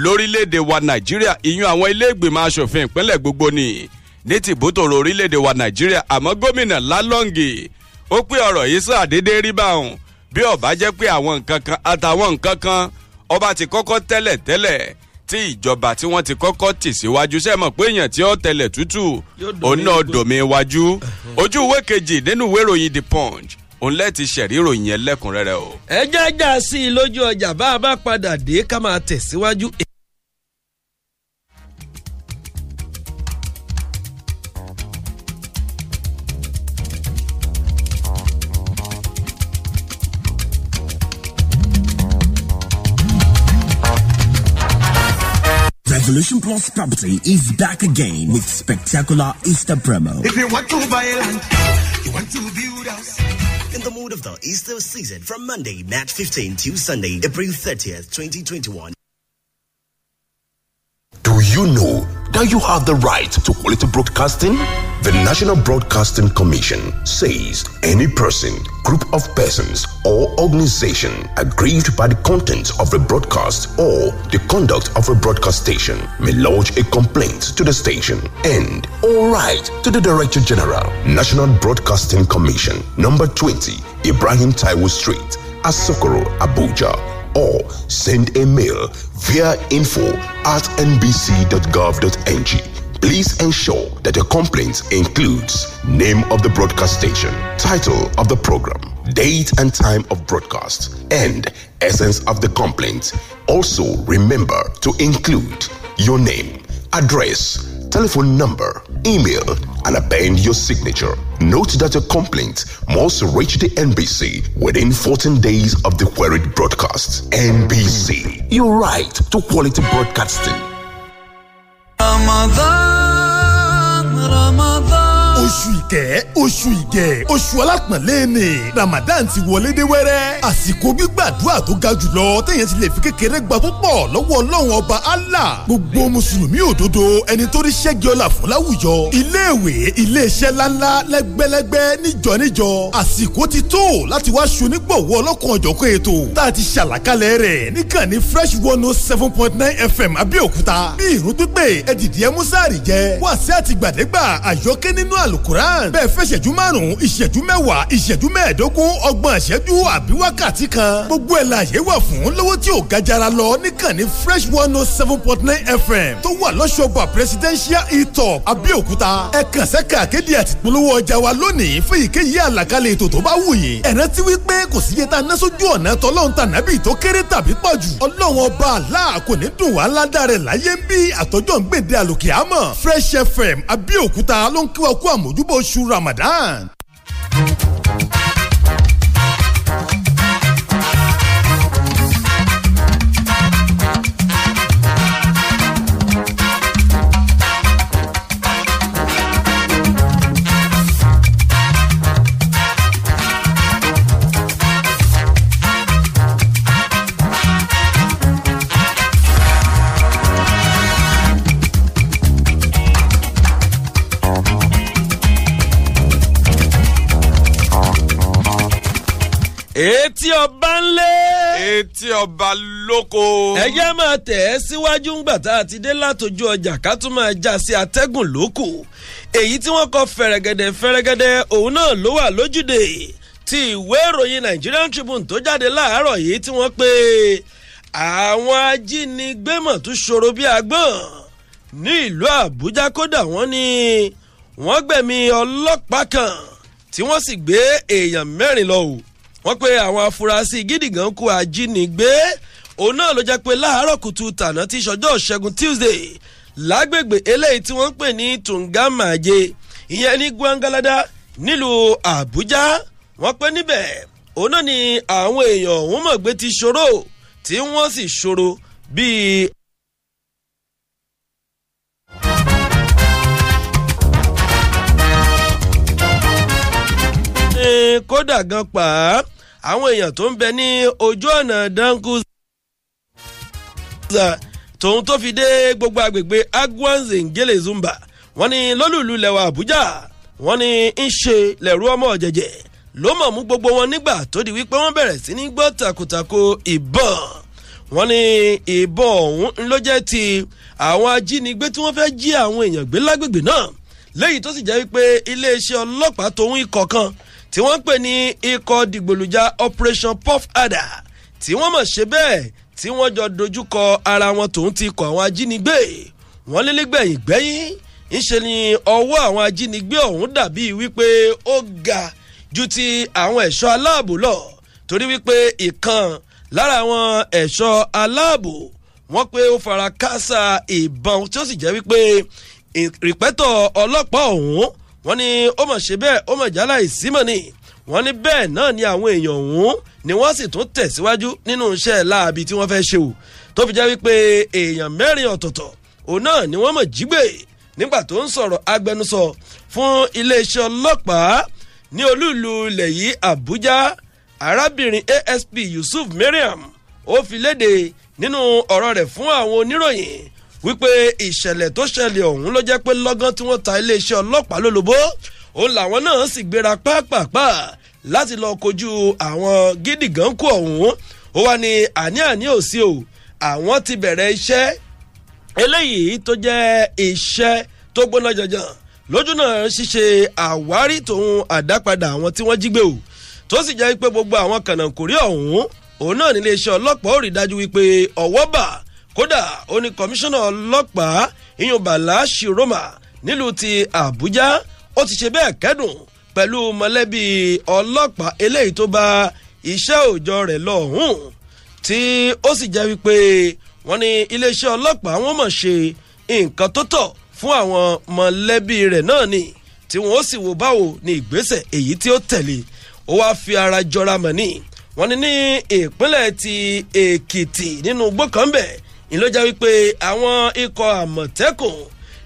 lórílẹ̀‐èdè wa nàìjíríà ìyún àwọn iléègbèmọ̀ asòfin ìpínlẹ̀ gbogbo ni ní tìbútòrò orílẹ̀‐èdè wa nàìjíríà àmọ́ gómìnà lálọ́ǹgì ó pé ọ̀rọ̀ yìí sọ àdédé rí báwọn bí ọba jẹ́ pé àwọn nǹkan kan àtàwọn nǹkan kan ọba ti kọ́kọ́ tẹ́lẹ̀ tẹ́lẹ̀ tí ìjọba tí wọ́n ti kọ́kọ́ tì síwájú sẹ́mọ̀ pé èèyàn tí ó tẹ̀lẹ̀ tútù òun náà dòmí iwájú *laughs* ojú ìwé kejì nínú ìwé ìròyìn the punch òun lẹ́ẹ̀tì ṣẹ̀rí ìròyìn lẹ́kùnrẹ́rẹ́ o. ẹ jájá sí i lójú ọjà bá a bá padà dé ká máa tẹ̀síwájú. Revolution Plus Property is back again with spectacular Easter promo. If you want to buy land, you want to build house. In the mood of the Easter season from Monday, March 15 to Sunday, April 30th, 2021. Do you know now you have the right to quality broadcasting. The National Broadcasting Commission says any person, group of persons, or organization aggrieved by the content of a broadcast or the conduct of a broadcast station may lodge a complaint to the station and all right to the Director General, National Broadcasting Commission, number 20, Ibrahim Taiwo Street, Asokoro, Abuja or send a mail via info at nbc.gov.ng. Please ensure that your complaint includes name of the broadcast station, title of the program, date and time of broadcast, and essence of the complaint. Also, remember to include your name, address, telephone number, email, and append your signature. Note that your complaint must reach the NBC within 14 days of the queried broadcast. NBC, your right to quality broadcasting. Ramadan, Ramadan. oṣù ìkẹ́ oṣù ìgẹ̀ oṣù alápọ̀nlé ni Ramadan ti wọlé dé wẹ́rẹ́ àsìkò gbígbàdúrà tó ga jùlọ téèyàn ti lè fi kékeré gba púpọ̀ lọ́wọ́ ọlọ́run ọba Allah gbogbo mùsùlùmí òdodo ẹni tó rí ṣẹ́gi ọlà fún láwùjọ iléèwé iléeṣẹ́ ńláńlá lẹ́gbẹ́lẹ́gbẹ́ níjọ níjọ àsìkò ti tó láti wá ṣonígbọ̀wọ́ ọlọ́kan ọ̀jọ̀kan ètò tá a ti ṣàlàkalẹ̀ rẹ̀ níkànnì fresh one oh seven point nine fm abẹ́òkúta bí ìrún pípé ẹ̀dìdì ẹ̀ músàrì jẹ́ wàásù àtìgbàdégbà àyọkẹ́ nínú àl alukuran bẹ́ẹ̀ fẹ́ ṣẹ́jú márùn-ún ìṣẹ́jú mẹ́wàá ìṣẹ́jú mẹ́ẹ̀ẹ́dógún ọgbọ̀n ìṣẹ́jú àbí wákàtí kan gbogbo ẹ̀ la yẹ wà fún lọ́wọ́ tí ò gajara lọ níkànnì fresh one oh seven point nine fm tó wà lọ́sọ̀gbà presidential etop abẹ́òkúta ẹ kàn sẹ́ka àkéde àti polówó ọjà wa lónìí fún ìkéyìí àlàkalẹ̀ ètò tó bá wù yín ẹ̀rẹ́ ti wí pé kò sí yẹta násójú ọ̀nà tọ́lọ́hún tànábì tó kéré tàbí pọ̀ jù ọlọ́run fresh fm abẹ́òkúta ló ń àmójúbò oṣù Ramadan. ọba lóko. ẹ̀yẹ́ máa tẹ̀ ẹ́ síwájú ńgbà tá a ti dé látọjú ọjà ká tún máa já sí atẹ́gùn lóko èyí tí wọ́n kọ fẹ̀rẹ̀gẹ̀dẹ̀ fẹ̀rẹ̀gẹ̀dẹ̀ òun náà ló wà lójúde ti ìwé ìròyìn Nigerian Tribune tó jáde láàárọ̀ yìí tí wọ́n pè àwọn ajínigbé mọ̀ tún ṣòro bí agbọ́n ní ìlú Àbújá kódà wọ́n ní wọ́n gbẹ̀mí ọlọ́pàá kan tí wọ́n sì gbé èèyàn mẹ́rin lọ wọ́n pe àwọn afurasí gídígàn kó ajínigbé òun náà ló jẹ́ pé láàárọ̀ kùtù tàná tí ìṣọjọ́ ìṣẹ́gun Tuesday lágbègbè eléyìí tí wọ́n ń pè ní tungamaje ìyẹn ní gwangalada nílùú Àbújá wọ́n pé níbẹ̀ òun náà ni àwọn èèyàn òun mọ̀ gbé ti ṣòro tí wọ́n sì ṣòro bíi Eh, kódà gan pa àwọn èèyàn tó ń bẹ ní ojú ọ̀nà dankuza tòun tó fi dé gbogbo agbègbè agwanze ngele zumba wọ́n ní lólùlù lẹwà àbújá wọ́n ní ń ṣe lẹ̀rú ọmọ jẹ̀jẹ̀ ló mọ̀ mú gbogbo wọn nígbà tó di wípé wọ́n bẹ̀rẹ̀ sí ní gbọ́ takotako ìbọn wọ́n ní ìbọn ọ̀hún ló jẹ́ ti àwọn ajínigbé tí wọ́n fẹ́ jí àwọn èèyàn gbé lágbègbè náà léyìí tó sì jẹ́ wípé iléeṣẹ́ ọlọ́pàá tòun ikọ̀ kan tí wọ́n ń pè ní ikọ̀ dìgbòlùjà operation puff adder tí wọ́n mọ̀ ṣe bẹ́ẹ̀ tí wọ́n jọ dojúkọ ara wọn tòun ti kọ̀ àwọn ajínigbé wọ́n lélégbẹ̀yìn gbẹ́yìn ńṣe ni ọwọ́ àwọn ajínigbé ọ̀hún dàbí wípé ó ga ju ti àwọn ẹ̀ṣọ́ aláàbò lọ torí wípé ìkan lára àwọn ẹ̀ṣọ́ aláàbò wọ́n pé ó fara káásá ìbọn tí ó sì jẹ́ wípé ìpẹ́tọ̀ ọlọ́pàá ọ̀hún wọ́n ní ó mọ̀ ṣe bẹ́ẹ̀ ó mọ̀ jálá ìsímọ̀ ni wọ́n ní bẹ́ẹ̀ náà ni àwọn èèyàn ọ̀hún ni wọ́n sì tún tẹ̀síwájú nínú iṣẹ́ láabi tí wọ́n fẹ́ ṣe o tó fi jẹ́ wípé èèyàn mẹ́rin ọ̀tọ̀ọ̀tọ̀ òun náà ni wọ́n mọ̀ jígbè nígbà tó ń sọ̀rọ̀ agbẹnusọ fún iléeṣẹ́ ọlọ́pàá ní olúùlú ilẹ̀ yìí Àbújá arábìnrin ASP Yusuf Mariam ó fi léde nínú ọ̀rọ̀ rẹ̀ fún àwọn oníròyìn wípé ìṣẹ̀lẹ̀ tó ṣẹlẹ̀ ọ̀hún ló jẹ́ pé lọ́gán tí wọ́n ta iléeṣẹ́ ọlọ́pàá lólobó òun làwọn náà sì gbéra pápápá láti lọ kojú àwọn gídìgán kú ọ̀hún ó wá ní àní àní òsì o àwọn ti bẹ̀rẹ̀ iṣẹ́ eléyìí tó jẹ́ iṣẹ́ tó gbóná janjan lójú náà ṣíṣe àwárí tòun àdápadà àwọn tí wọ́n jí gbé o tó sì jẹ́ pé gbogbo àwọn kànáńkùrí ọ̀hún òun náà níléeṣẹ́ ọlọ́pàá ò rí dájú wípé ọwọ́ bà kódà ó ní kọmíṣánná ọlọ́pàá iyun shiroma nílùú ti àbújá ó ti ṣe bẹ́ẹ̀ kẹ́dùn pẹ̀lú mọ̀lẹ́bí ọlọ́pàá eléyìí tó bá iṣẹ́ òòjọ́ rẹ̀ lọ́hùn tí ó sì jẹ́ wípé wọ́n ní iléeṣẹ́ ọlọ́pàá wọ́n mọ̀ ṣe nǹkan tó tọ́ fún àwọn mọ̀lẹ́bí rẹ̀ náà ni tí wọ́n ó sì wò báwo ni ìgbésẹ̀ èyí tí ó tẹ̀lé ó wáá fi ara jọra mọ̀ ní wọ́n ní ní ìpínlẹ̀ ti èkìtì nínú igbó ìlójá wípé àwọn ikọ̀ àmọ̀tẹ́kùn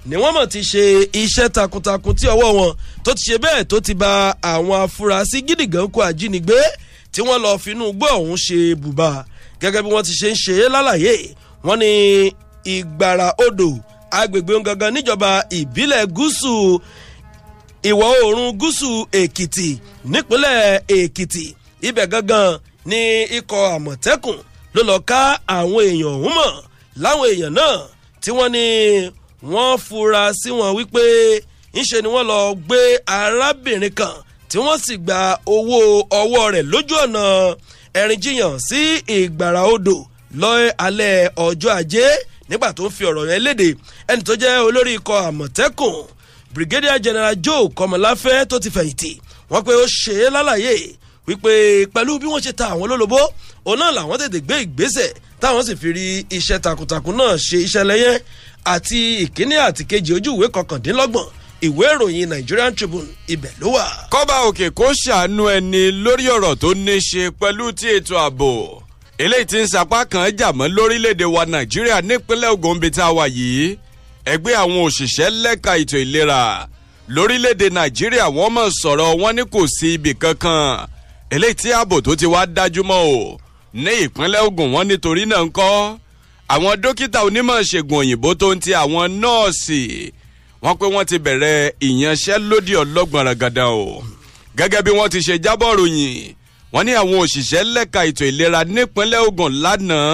ni wọ́n mọ̀ ti ṣe iṣẹ́ takuntakun tí ọwọ́ wọn tó ti ṣe bẹ́ẹ̀ tó ti ba àwọn afurasí gídìgàn kó àjínigbé tí wọ́n lọ́ọ́ finú gbọ́ ọ̀hún ṣe bùbá gẹ́gẹ́ bí wọ́n ti ṣe ń ṣe é lálàyé wọ́n ni ìgbàrà odò agbègbè gangan níjọba ìbílẹ̀ gúúsù ìwọ̀ oòrùn gúúsù èkìtì nípínlẹ̀ èkìtì ibẹ̀ gangan ni ikọ̀ àmọ̀tẹ́kùn ló lọ́ọ́ ká àwọn èèyàn ọ̀hún mọ̀ láwọn èèyàn náà tí wọ́n ní wọ́n fura sí wọn wípé ńṣe ni wọ́n lọ gbé arábìnrin kan tí wọ́n sì gba owó ọwọ́ rẹ̀ lójú ọ̀nà ẹ̀rìnjiyàn sí ìgbàrá odò lọ́ọ́ alẹ́ ọjọ́ ajé nígbà tó ń fi ọ̀rọ̀ yẹn léde ẹni tó jẹ́ olórí ikọ̀ àmọ̀tẹ́kùn brigadier general joe kọmọláfẹ́ tó ti fẹ̀yìntì wọ́n pe ó ṣe é lálàyé wípé pẹ̀lú bí wọ́n ṣe ta àwọn lólobó òun náà làwọn tètè gbé ìgbésẹ̀ táwọn sì fi rí iṣẹ́ takuntakun náà ṣe iṣẹ́ lẹ́yẹn àti ìkíní àti kejì ojú ìwé kọkàndínlọ́gbọ̀n ìwé ìròyìn Nigerian Tribune ibẹ̀ ló wà. kọ́ba òkè kó ṣàánú ẹni lórí ọ̀rọ̀ tó ní ṣe pẹ̀lú ti ètò ààbò eléyìí tí ń sapá kan jà mọ́ lórílẹ̀‐èdè wa Nàìjíríà nípínlẹ̀ Ògùn bíi tá a wà yìí ẹgbẹ́ àwọn òṣìṣẹ́ lẹ́ka ètò ìlera lórílẹ̀‐èdè Nàìjíríà wọ́n mọ̀ sọ̀rọ̀ wọn ní kò sí ibì kankan eléyìí tí ààbò tó ti wá dájú mọ́ o ní ìpínlẹ̀ ogun wọn nítorí náà ń kọ́ àwọn dókítà onímọ̀ ṣègùn òyìnbó tó ń ti àwọn nọ́ọ̀sì wọ́n pé wọ́n ti bẹ̀rẹ̀ ìyanṣẹ́lódì ọlọ́gbọ̀n ragada o gẹ́gẹ́ bí wọ́n ti ṣe jábọ̀ ròyìn wọ́n ní àwọn òṣìṣẹ́ lẹ́ka ètò ìlera nípínlẹ̀ Ògùn lánàá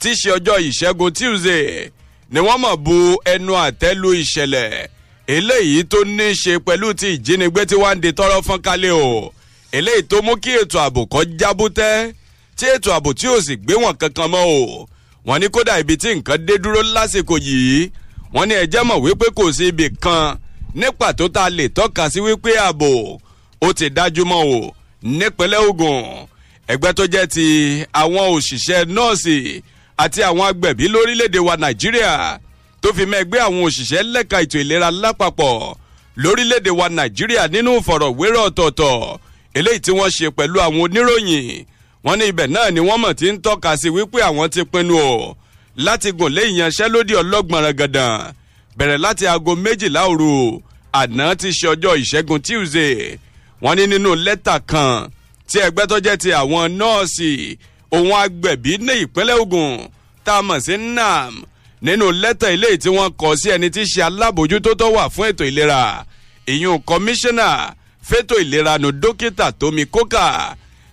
tí ṣe ọjọ́ ìṣẹ́gun Tuesday ni wọ́n mọ̀ bu ẹnu àtẹ́ lu ìṣẹ̀lẹ̀ eléyìí tó ní í ṣe pẹ̀lú ti ìjínigbé tí wọ́n ń de tọ́rọ́ fọ́n kálẹ̀ o eléyìí tó mú kí ètò ààbò jábútẹ́ tí ètò ààbò tí ò sì gbé wọn kankan mọ́ o wọ́n ní kódà ibi tí nǹkan dé dúró lásìkò yìí wọ́n ní ẹjẹ́ mọ̀ wípé kò sí ibì kan ní pàtó tá a lè tọ́ka sí wípé ààbò ó ti dájú mọ́ o nípínlẹ̀ Ògùn ẹgbẹ́ tó jẹ́ ti àwọn òṣìṣẹ́ nọ́ọ̀sì àti àwọn agbẹ̀bí lórílẹ̀ wa Nàìjíríà tó fi mọ́ ẹgbẹ́ àwọn òṣìṣẹ́ lẹ́ka ètò ìlera lápapọ̀ lórílẹ̀ wa Nàìjíríà nínú ìfọ̀rọ̀wérọ̀ ọ̀tọ̀ọ̀tọ̀ eléyìí tí wọ́n ṣe pẹ̀lú àwọn oníròyìn wọ́n ní ibẹ̀ náà ni wọ́n mọ̀ tí ń tọ́ka sí wípé àwọn ti pinnu o láti gùn lé ìyanṣẹ́lódì ọlọ́gbọ̀n rangadan bẹ̀rẹ̀ láti aago méjìlá òru àná ti ṣe ọjọ́ ìṣẹ́gun Tuesday wọ́n ní nínú lẹ́tà kan tí ẹgbẹ́ tó jẹ́ ti àwọn nọ́ọ̀sì òun agbẹ̀bí ní ìpínlẹ̀ Ògùn tá a mọ̀ sí NAM nínú lẹ́tà ilé tí wọ́n kọ sí ẹni tí í ṣe alábòjútó tó wà fún ètò ìlera ìyún kọmíṣánná fétò ìlera nu dókítà Tómi Kókà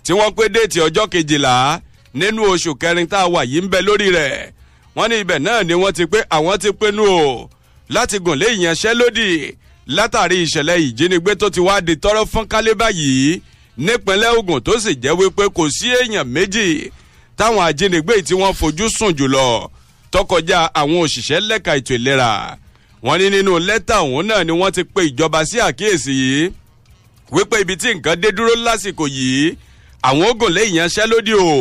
tí wọ́n pé déètì ọjọ́ kejìlá nínú oṣù kẹrin tá a wà yìí ń bẹ lórí rẹ̀ wọ́n ní ibẹ̀ náà ni wọ́n ti pé àwọn ti pinnu o láti gùn lé ìyanṣẹ́lódì látàrí ìṣẹ̀lẹ̀ ìjínigbé tó ti wá di tọ́rọ́ fún kálé báyìí nípínlẹ̀ Ògùn tó sì jẹ́ wípé kò sí èèyàn méjì táwọn ajínigbé tí wọ́n fojú sùn jùlọ tọkọjá àwọn òṣìṣẹ́ lẹ́ka ètò ìlera wọ́n ní nínú lẹ́tà ọ̀hún náà ni wọ́n ti pe ìjọba sí àkíyèsí wípé ibi tí nǹkan dé dúró lásìkò yìí àwọn ogun lè ìyanṣẹ́lódì o.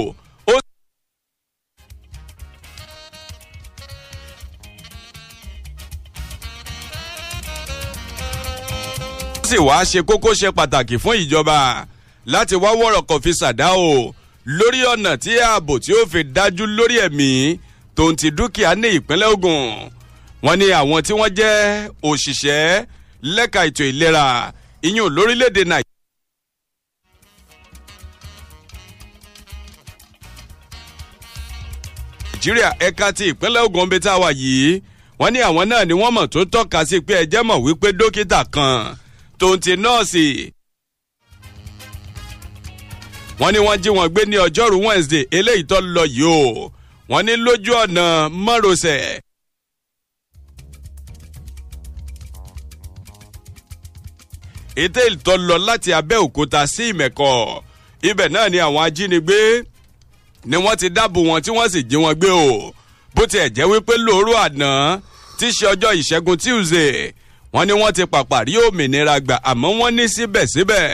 sì wá ṣe kókó ṣe pàtàkì fún ìjọba láti wá wọ̀rọ̀kọ̀ fi ṣàdá o lórí ọ̀nà tí ààbò tí ó fi dájú lórí ẹ̀mí tó ń ti dúkìá ní ìpínlẹ̀ Ògùn wọ́n ní àwọn tí wọ́n jẹ́ òṣìṣẹ́ lẹ́ka ètò ìlera ìyún lórílẹ̀‐èdè Nàìjíríà. nàìjíríà ẹ̀ka ti ìpínlẹ̀ Ògùn ọ̀bẹ tá a wà yìí wọ́n ní àwọn náà ni wọ́n mọ̀ tó tọ́ka sí pé ẹjẹ́ mọ̀ wípé dókítà kan tó ń ti nọ́ọ̀sì wọ́n ní wọ́n jí wọn gbé ní ọjọ́rùú Wednesday eléyìí tó lọ yìí o wọ́n ní lójú ọ̀nà mọ́rọ̀sẹ̀ ètè ìtọ́ lọ láti Abẹ́òkúta sí Ìmẹ̀kọ ibẹ̀ náà ni àwọn ajínigbé ni wọ́n ti dáàbò wọn tí wọ́n sì jí wọn gbé o bó tiẹ̀ jẹ́ wípé lóòrò àná tí í ṣe ọjọ́ ìṣẹ́gun Tuesday wọ́n ní wọ́n ti pàpà rí òmìnira gbà àmọ́ wọ́n ní síbẹ̀síbẹ̀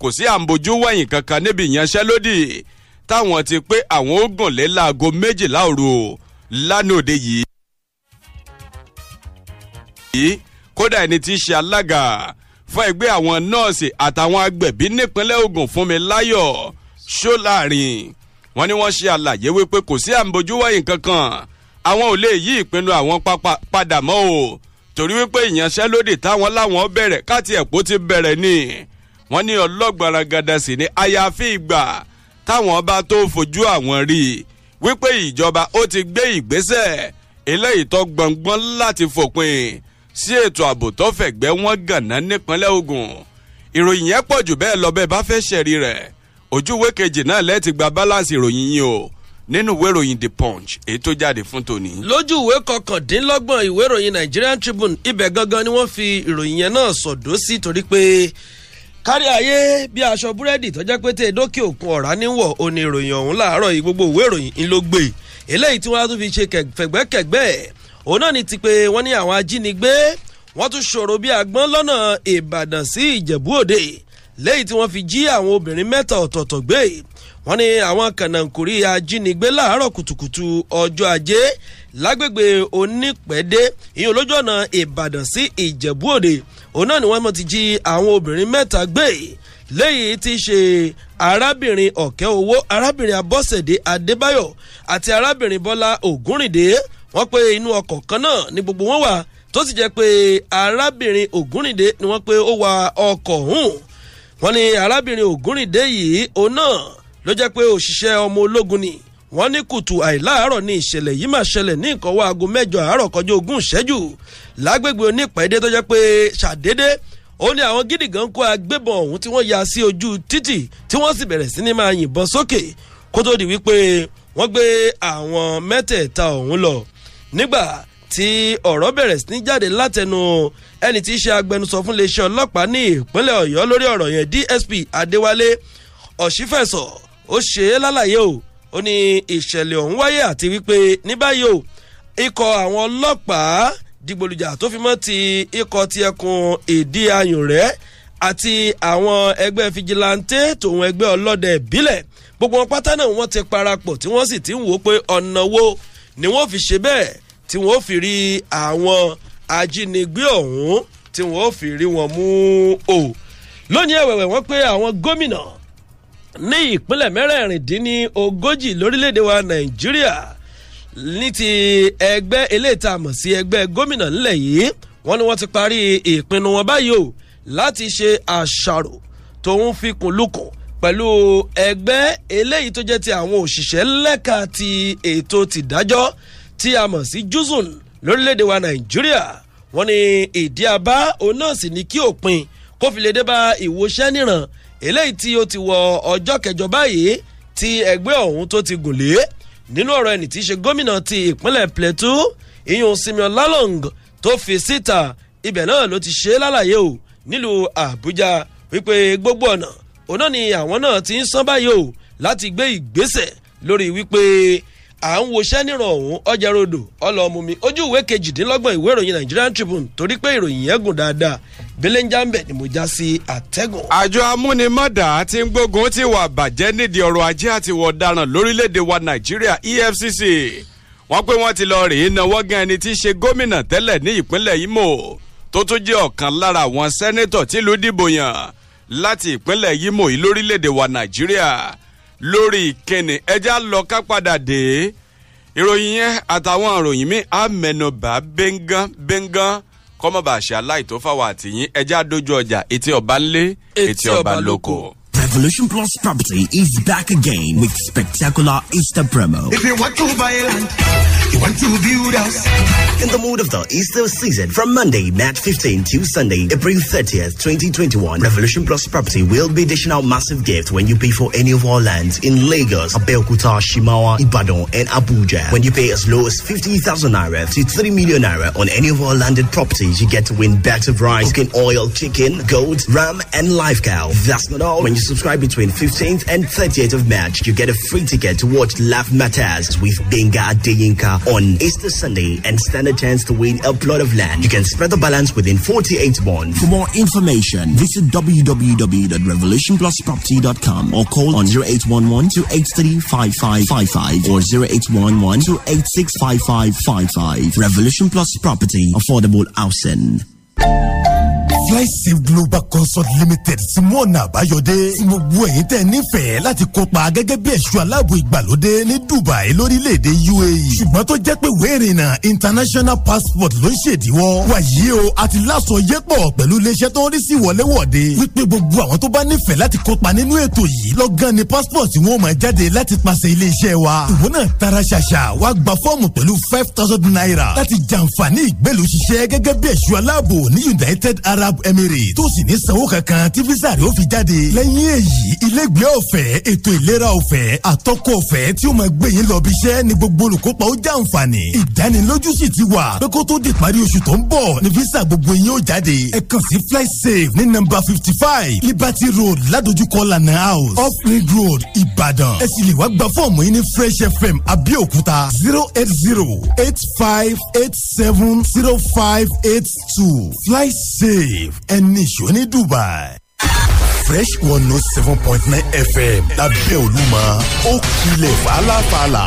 kò sí àǹbójú wẹ̀yìn kankan níbi ìyanṣẹ́lódì táwọn ti pé àwọn ó gùn lé láago méjìlá òru lánàá òde yìí kódà ẹni tí í ṣe alága fún ẹgbẹ́ àwọn nọ́ọ̀sì àtàwọn agbẹ̀bí nípínlẹ̀ Ògùn Fúnmiláyọ̀ Ṣọ́lárin wọ́n ní wọ́n ṣe àlàyé wípé kò sí àmójúwọ̀yìn kankan àwọn ò lè yí ìpinnu àwọn padà mọ́ o torí wípé ìyanṣẹ́lódì táwọn láwọn bẹ̀rẹ̀ káti ẹ̀pọ̀ ti bẹ̀rẹ̀ ni wọ́n ní ọlọ́gbọ̀nrangada sì ni àyàfi ìgbà táwọn bá tó fojú àwọn rí i wípé ìjọba ó ti gbé ìgbésẹ̀ eléyìí tó gbọ̀ngbọ́n láti fòpin sí ètò ààbò tó fẹ̀gbẹ́ wọn gànà nípínlẹ̀ Ògùn ìròyìn yẹn pọ̀ jù bẹ́ẹ̀ lọ bẹ́ẹ̀ bá fẹ́ ṣẹ̀rí rẹ̀ ojú ìwé kejì náà lẹ́ẹ̀tì gba balance ìròyìn yín o nínú ìwé ìròyìn the punch èyí tó jáde fún tòní. lójú ìwé kọkàndínlọ́gbọ̀n ìwé ìròyìn nigerian tribune ibẹ̀ gangan ni wọ́n fi ìròyìn yẹn náà sọ̀dọ́ sí torí pé kárí ayé bí aṣọ búrẹ́dì tó jẹ́ pé tẹ dókè òkun ọ̀rá níwọ̀ òní ìròyìn ọ̀hún láàárọ̀ yìí gbogbo ìwé ìròyìn ń ló gbé eléyìí tí wọ́n á tún fi ṣe fẹ̀gbẹ́kẹ̀gbẹ́ òun náà ni ti pé wọ́n ní àwọn ajínigbé wọ́n tún ṣòro bí agbọ́n lọ́nà ìbàdàn sí ìjẹ̀bú òde lẹ́yìn tí wọ́n fi jí àwọn obìnrin mẹ́ta ọ̀tọ̀ọ̀tọ̀ gbé wọ́n ní àwọn kànáńkùrí ajínigbé láàárọ̀ kùtùkùtù ọjọ́ ajé lágbègbè onípẹ̀dé ìyẹn olójú ọ̀nà ìbàdàn sí ìjẹ̀bú òde òun náà ni wọ́n ti jí àwọn obìnrin mẹ́ta gbé lẹ́yìn tí í ṣe arábìnrin ọ̀kẹ́ owó arábìnrin abọ́sẹ̀dé adébáyọ̀ àti arábìnrin bọ́lá ògúnrìndé wọ́n pe inú ọkọ̀ kan náà ni gbogbo wọn wà tó sì jẹ́ pé arábìnrin ògúnrìndé ni wọ́n pe ó wa ọkọ̀ ọ̀hún wọ́n ní arábìnrin ògúnrìndé yìí òun náà ló jẹ́ pé òṣìṣẹ́ ọmọ ológun ni wọ́n ní kùtù àìláàárọ̀ ní ìṣẹ̀lẹ̀ yìí máa ṣẹlẹ̀ ní nǹkan wá aago mẹ́jọ àárọ̀ kọjá ogún ìṣẹ́jú lágbègbè onípẹ̀ẹ́dẹ́ tó jẹ́ pé ṣàdédé ó ní àwọn gidi gan kó agbébọn ọ̀hún tí wọ́n ya sí ojú títì tí wọ́n sì bẹ̀rẹ̀ sí ní máa yìnbọn sókè kó tó di wípé wọ́n gbé àwọn mẹ́tẹ̀ẹ̀ta ọ̀hún lọ nígbà tí ọ̀rọ̀ bẹ̀rẹ̀ sí ní jáde látẹnu ẹni tí í ṣe agbẹnusọ fún iléeṣẹ́ ọlọ́pàá ní ìpínlẹ̀ ọ̀yọ́ lórí ọ̀rọ̀ yẹn DSP adéwálé ọ̀ṣífẹ̀sọ̀ ó ṣe é lálàyé o ó ní ìṣẹ̀lẹ̀ ọ̀hún wáyé àti wípé ní báyìí o ikọ̀ àwọn ọlọ́pàá dìgbòlùjà tó fi mọ́ ti ikọ̀ ti ẹkùn ìdí ayùn rẹ̀ àti àwọn ẹgbẹ́ fijilanté tòun ẹgbẹ́ ọlọ́dẹ ìbílẹ̀ gbogbo wọn pátá náà wọ́n ti parapọ̀ tí wọ́n sì ti ń wò ó pé ọ̀nà wo ni wọ́n fi ṣe bẹ́ẹ̀ tí wọ́n fi rí àwọn ajínigbé ọ̀hún tí wọ́n fi rí wọn mú o lónìí ẹ̀wẹ̀wẹ̀ wọ́n pé àwọn gómìnà ní ìpínlẹ̀ mẹ́rẹ̀ẹ̀rìndínlógójì lórílẹ̀‐èdè wa nàìjíríà ní ti ẹgbẹ́ eléta mọ̀ sí ẹgbẹ́ gómìnà ńlẹ̀ yìí wọ́n ní wọ́n ti parí ìpinnu wọn báyìí o láti ṣe àṣàrò tó ń fikùn lukùn pẹ̀lú ẹgbẹ́ eléyìí tó jẹ́ ti àwọn òṣìṣẹ́ lẹ́ka ti ètò tìdájọ́ e tí a mọ̀ sí juzun lórílẹ̀‐èdè wa nàìjíríà wọ́n ní ìdí abá òun náà sì ní kí òpin kó fi lè dé bá ìwòsàn níran eléyìí tí ó ti wọ ọjọ́ kẹjọ báyìí tí ẹgbẹ́ ọ̀hún tó ti gùn lé nínú ọ̀rọ̀ ẹni tí í ṣe gómìnà ti ìpínlẹ̀ plateau ìyún simeon lalong tó fi síta ibẹ̀ náà ló ti ṣe é lálàyé o nílùú àbújá wípé gbogbo ọ̀nà òun náà ni àwọn náà ti ń sán báyìí o láti gbé ìgbésẹ̀ lórí wípé à ń woṣẹ́ nírọ̀ ọ̀hún ọjà rodò ọlọ́mumi ojú ìwé kejìdínlọ́gbọ̀n ìwé ìròyìn Nigerian Tribune torí pé ìròyìn yẹn gùn dáadáa belenjambe ni mo já sí àtẹ́gùn. àjọ amúnimọ́dà tí gbógun ti wà bàjẹ́ nídìí ọrọ̀ ajé àti ìwà lórílẹ̀‐èdè wa Nàìjíríà EFCC wọ́n pé wọ́n ti lọ rèé náwó gan ẹni tí í ṣe gómìnà tẹ́lẹ̀ ní ìpínlẹ̀ Imo tó tún jẹ́ ọ̀kan lára àwọn sẹ́nẹ́tọ̀ tìlú dìbò yàn láti ìpínlẹ̀ Imo yìí lórílẹ̀‐èdè wa Nàìjíríà lórí ìkíni ẹjẹ́ á lọ ká padà dé ìròyìn yẹn àtàwọn ìròyìn míì á mẹ́nubà bẹ́ngàn bẹ́ngàn kọ́mọ̀bà àṣà láì tó fáwọn àtìyìn ẹjẹ́ á dójú ọjà etí ọba ńlé etí ọba lóko. Revolution Plus Property is back again with spectacular Easter promo. If you want to buy land, you want to build us In the mood of the Easter season, from Monday, March 15 to Sunday, April 30th, 2021, Revolution Plus Property will be dishing out massive gifts when you pay for any of our lands in Lagos, Abeokuta, Shimawa, Ibadan, and Abuja. When you pay as low as 50,000 naira to 3 million naira on any of our landed properties, you get to win bags of rice, cooking oil, chicken, goat, ram, and live cow. That's not all. When you subscribe subscribe between 15th and 30th of March, you get a free ticket to watch Love Matters with Benga Deyinka on Easter Sunday and stand a chance to win a plot of land. You can spread the balance within 48 months. For more information, visit www.revolutionplusproperty.com or call on 0811 283 5555 or 0811 286 5555. Revolution Plus Property, affordable housing. flysafe global consult limited simona àbáyọdé tí gbogbo ẹ̀yin tẹ́ nífẹ̀ẹ́ láti kópa gẹ́gẹ́ bí ẹ̀ṣọ́ aláàbò ìgbàlódé ní dubai lórílẹ̀‐èdè uae ṣùgbọ́n tó jẹ́ pé wéèrìnà international passport ló ń ṣèdíwọ́ wàyí o àti láṣọ yẹ́pọ̀ pẹ̀lú iléeṣẹ́ tó ń rí sí wọléwọ̀de wípé gbogbo àwọn tó bá nífẹ̀ẹ́ láti kópa nínú ètò yìí lọ́gán ni passport wọn máa jáde láti pàṣẹ iléeṣẹ́ wa ìwọ náà tara ṣàṣà wá gba fọ́ọ̀mù pẹ̀lú five thousand naira láti jàǹfààní ìgbélùú ṣiṣẹ́ gẹ́gẹ́ bí ẹ̀ṣọ́ aláàbò ní united arab arab emirates tó sì ní sanwó kankan tí visa rẹ̀ ó fi jáde lẹ́yìn èyí ilégbèé ọ̀fẹ́ ètò ìlera ọ̀fẹ́ àtọ́kọ̀ ọ̀fẹ́ tí ó máa gbé yín lọ bí iṣẹ́ ni gbogbo olùkópa ó jàǹfààní ìdánilójú sì ti wà pé kó tó di parí oṣù tó ń bọ̀ ni visa gbogbo yín ó jáde ẹ kàn sí flysafe ní nọ́mbà fifty five liberty road ládojúkọ lana house off road ìbàdàn ẹ sì lè wá gba fọ́ọ̀mù yín ní fresh fm abẹ́òkúta zero eight zero eight five eight seven zero five eight two flysafe. Live ẹni ìṣó ní Dubai. Fresh one note oh seven point nine FM lábẹ́ Olúmọ ó kilẹ̀ fàlàfàlà.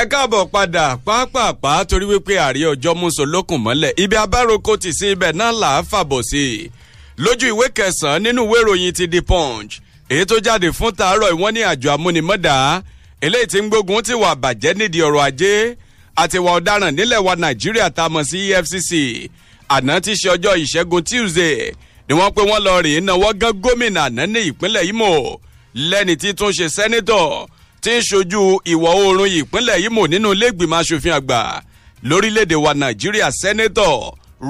ẹ káàbọ̀ padà pàápàá torí wípé àrí ọjọ́ mú so lókùn mọ́lẹ̀ ibi abáròkó ti sí ibẹ̀ náà là á fàbọ̀ sí i lójú ìwé kẹsànán nínú ìwé ìròyìn ti the punch èyí tó jáde fún tàárọ̀ ìwọ́n ní àjọ amúnimọ́dà eléyìí tí ń gbógun ti wà bàjẹ́ nídìí ọrọ̀ ajé àtiwà ọ̀daràn nílẹ̀ wa nàìjíríà tá a mọ̀ sí efcc àná tí ṣe ọjọ́ ìṣẹ́gun tuesday ni wọ́n pé wọ́n lọ rìn ìnáwó gán gómìnà àná ní ìpínlẹ̀ imo lẹ́ni tí tún ṣe sẹ́nítọ̀ tí ń ṣojú ìwọ̀ oòrùn ìpínlẹ̀ imo nínú ilégbìmọ̀ asòfin àgbà lórílẹ̀‐èdè wa nàìjíríà sẹ́nítọ̀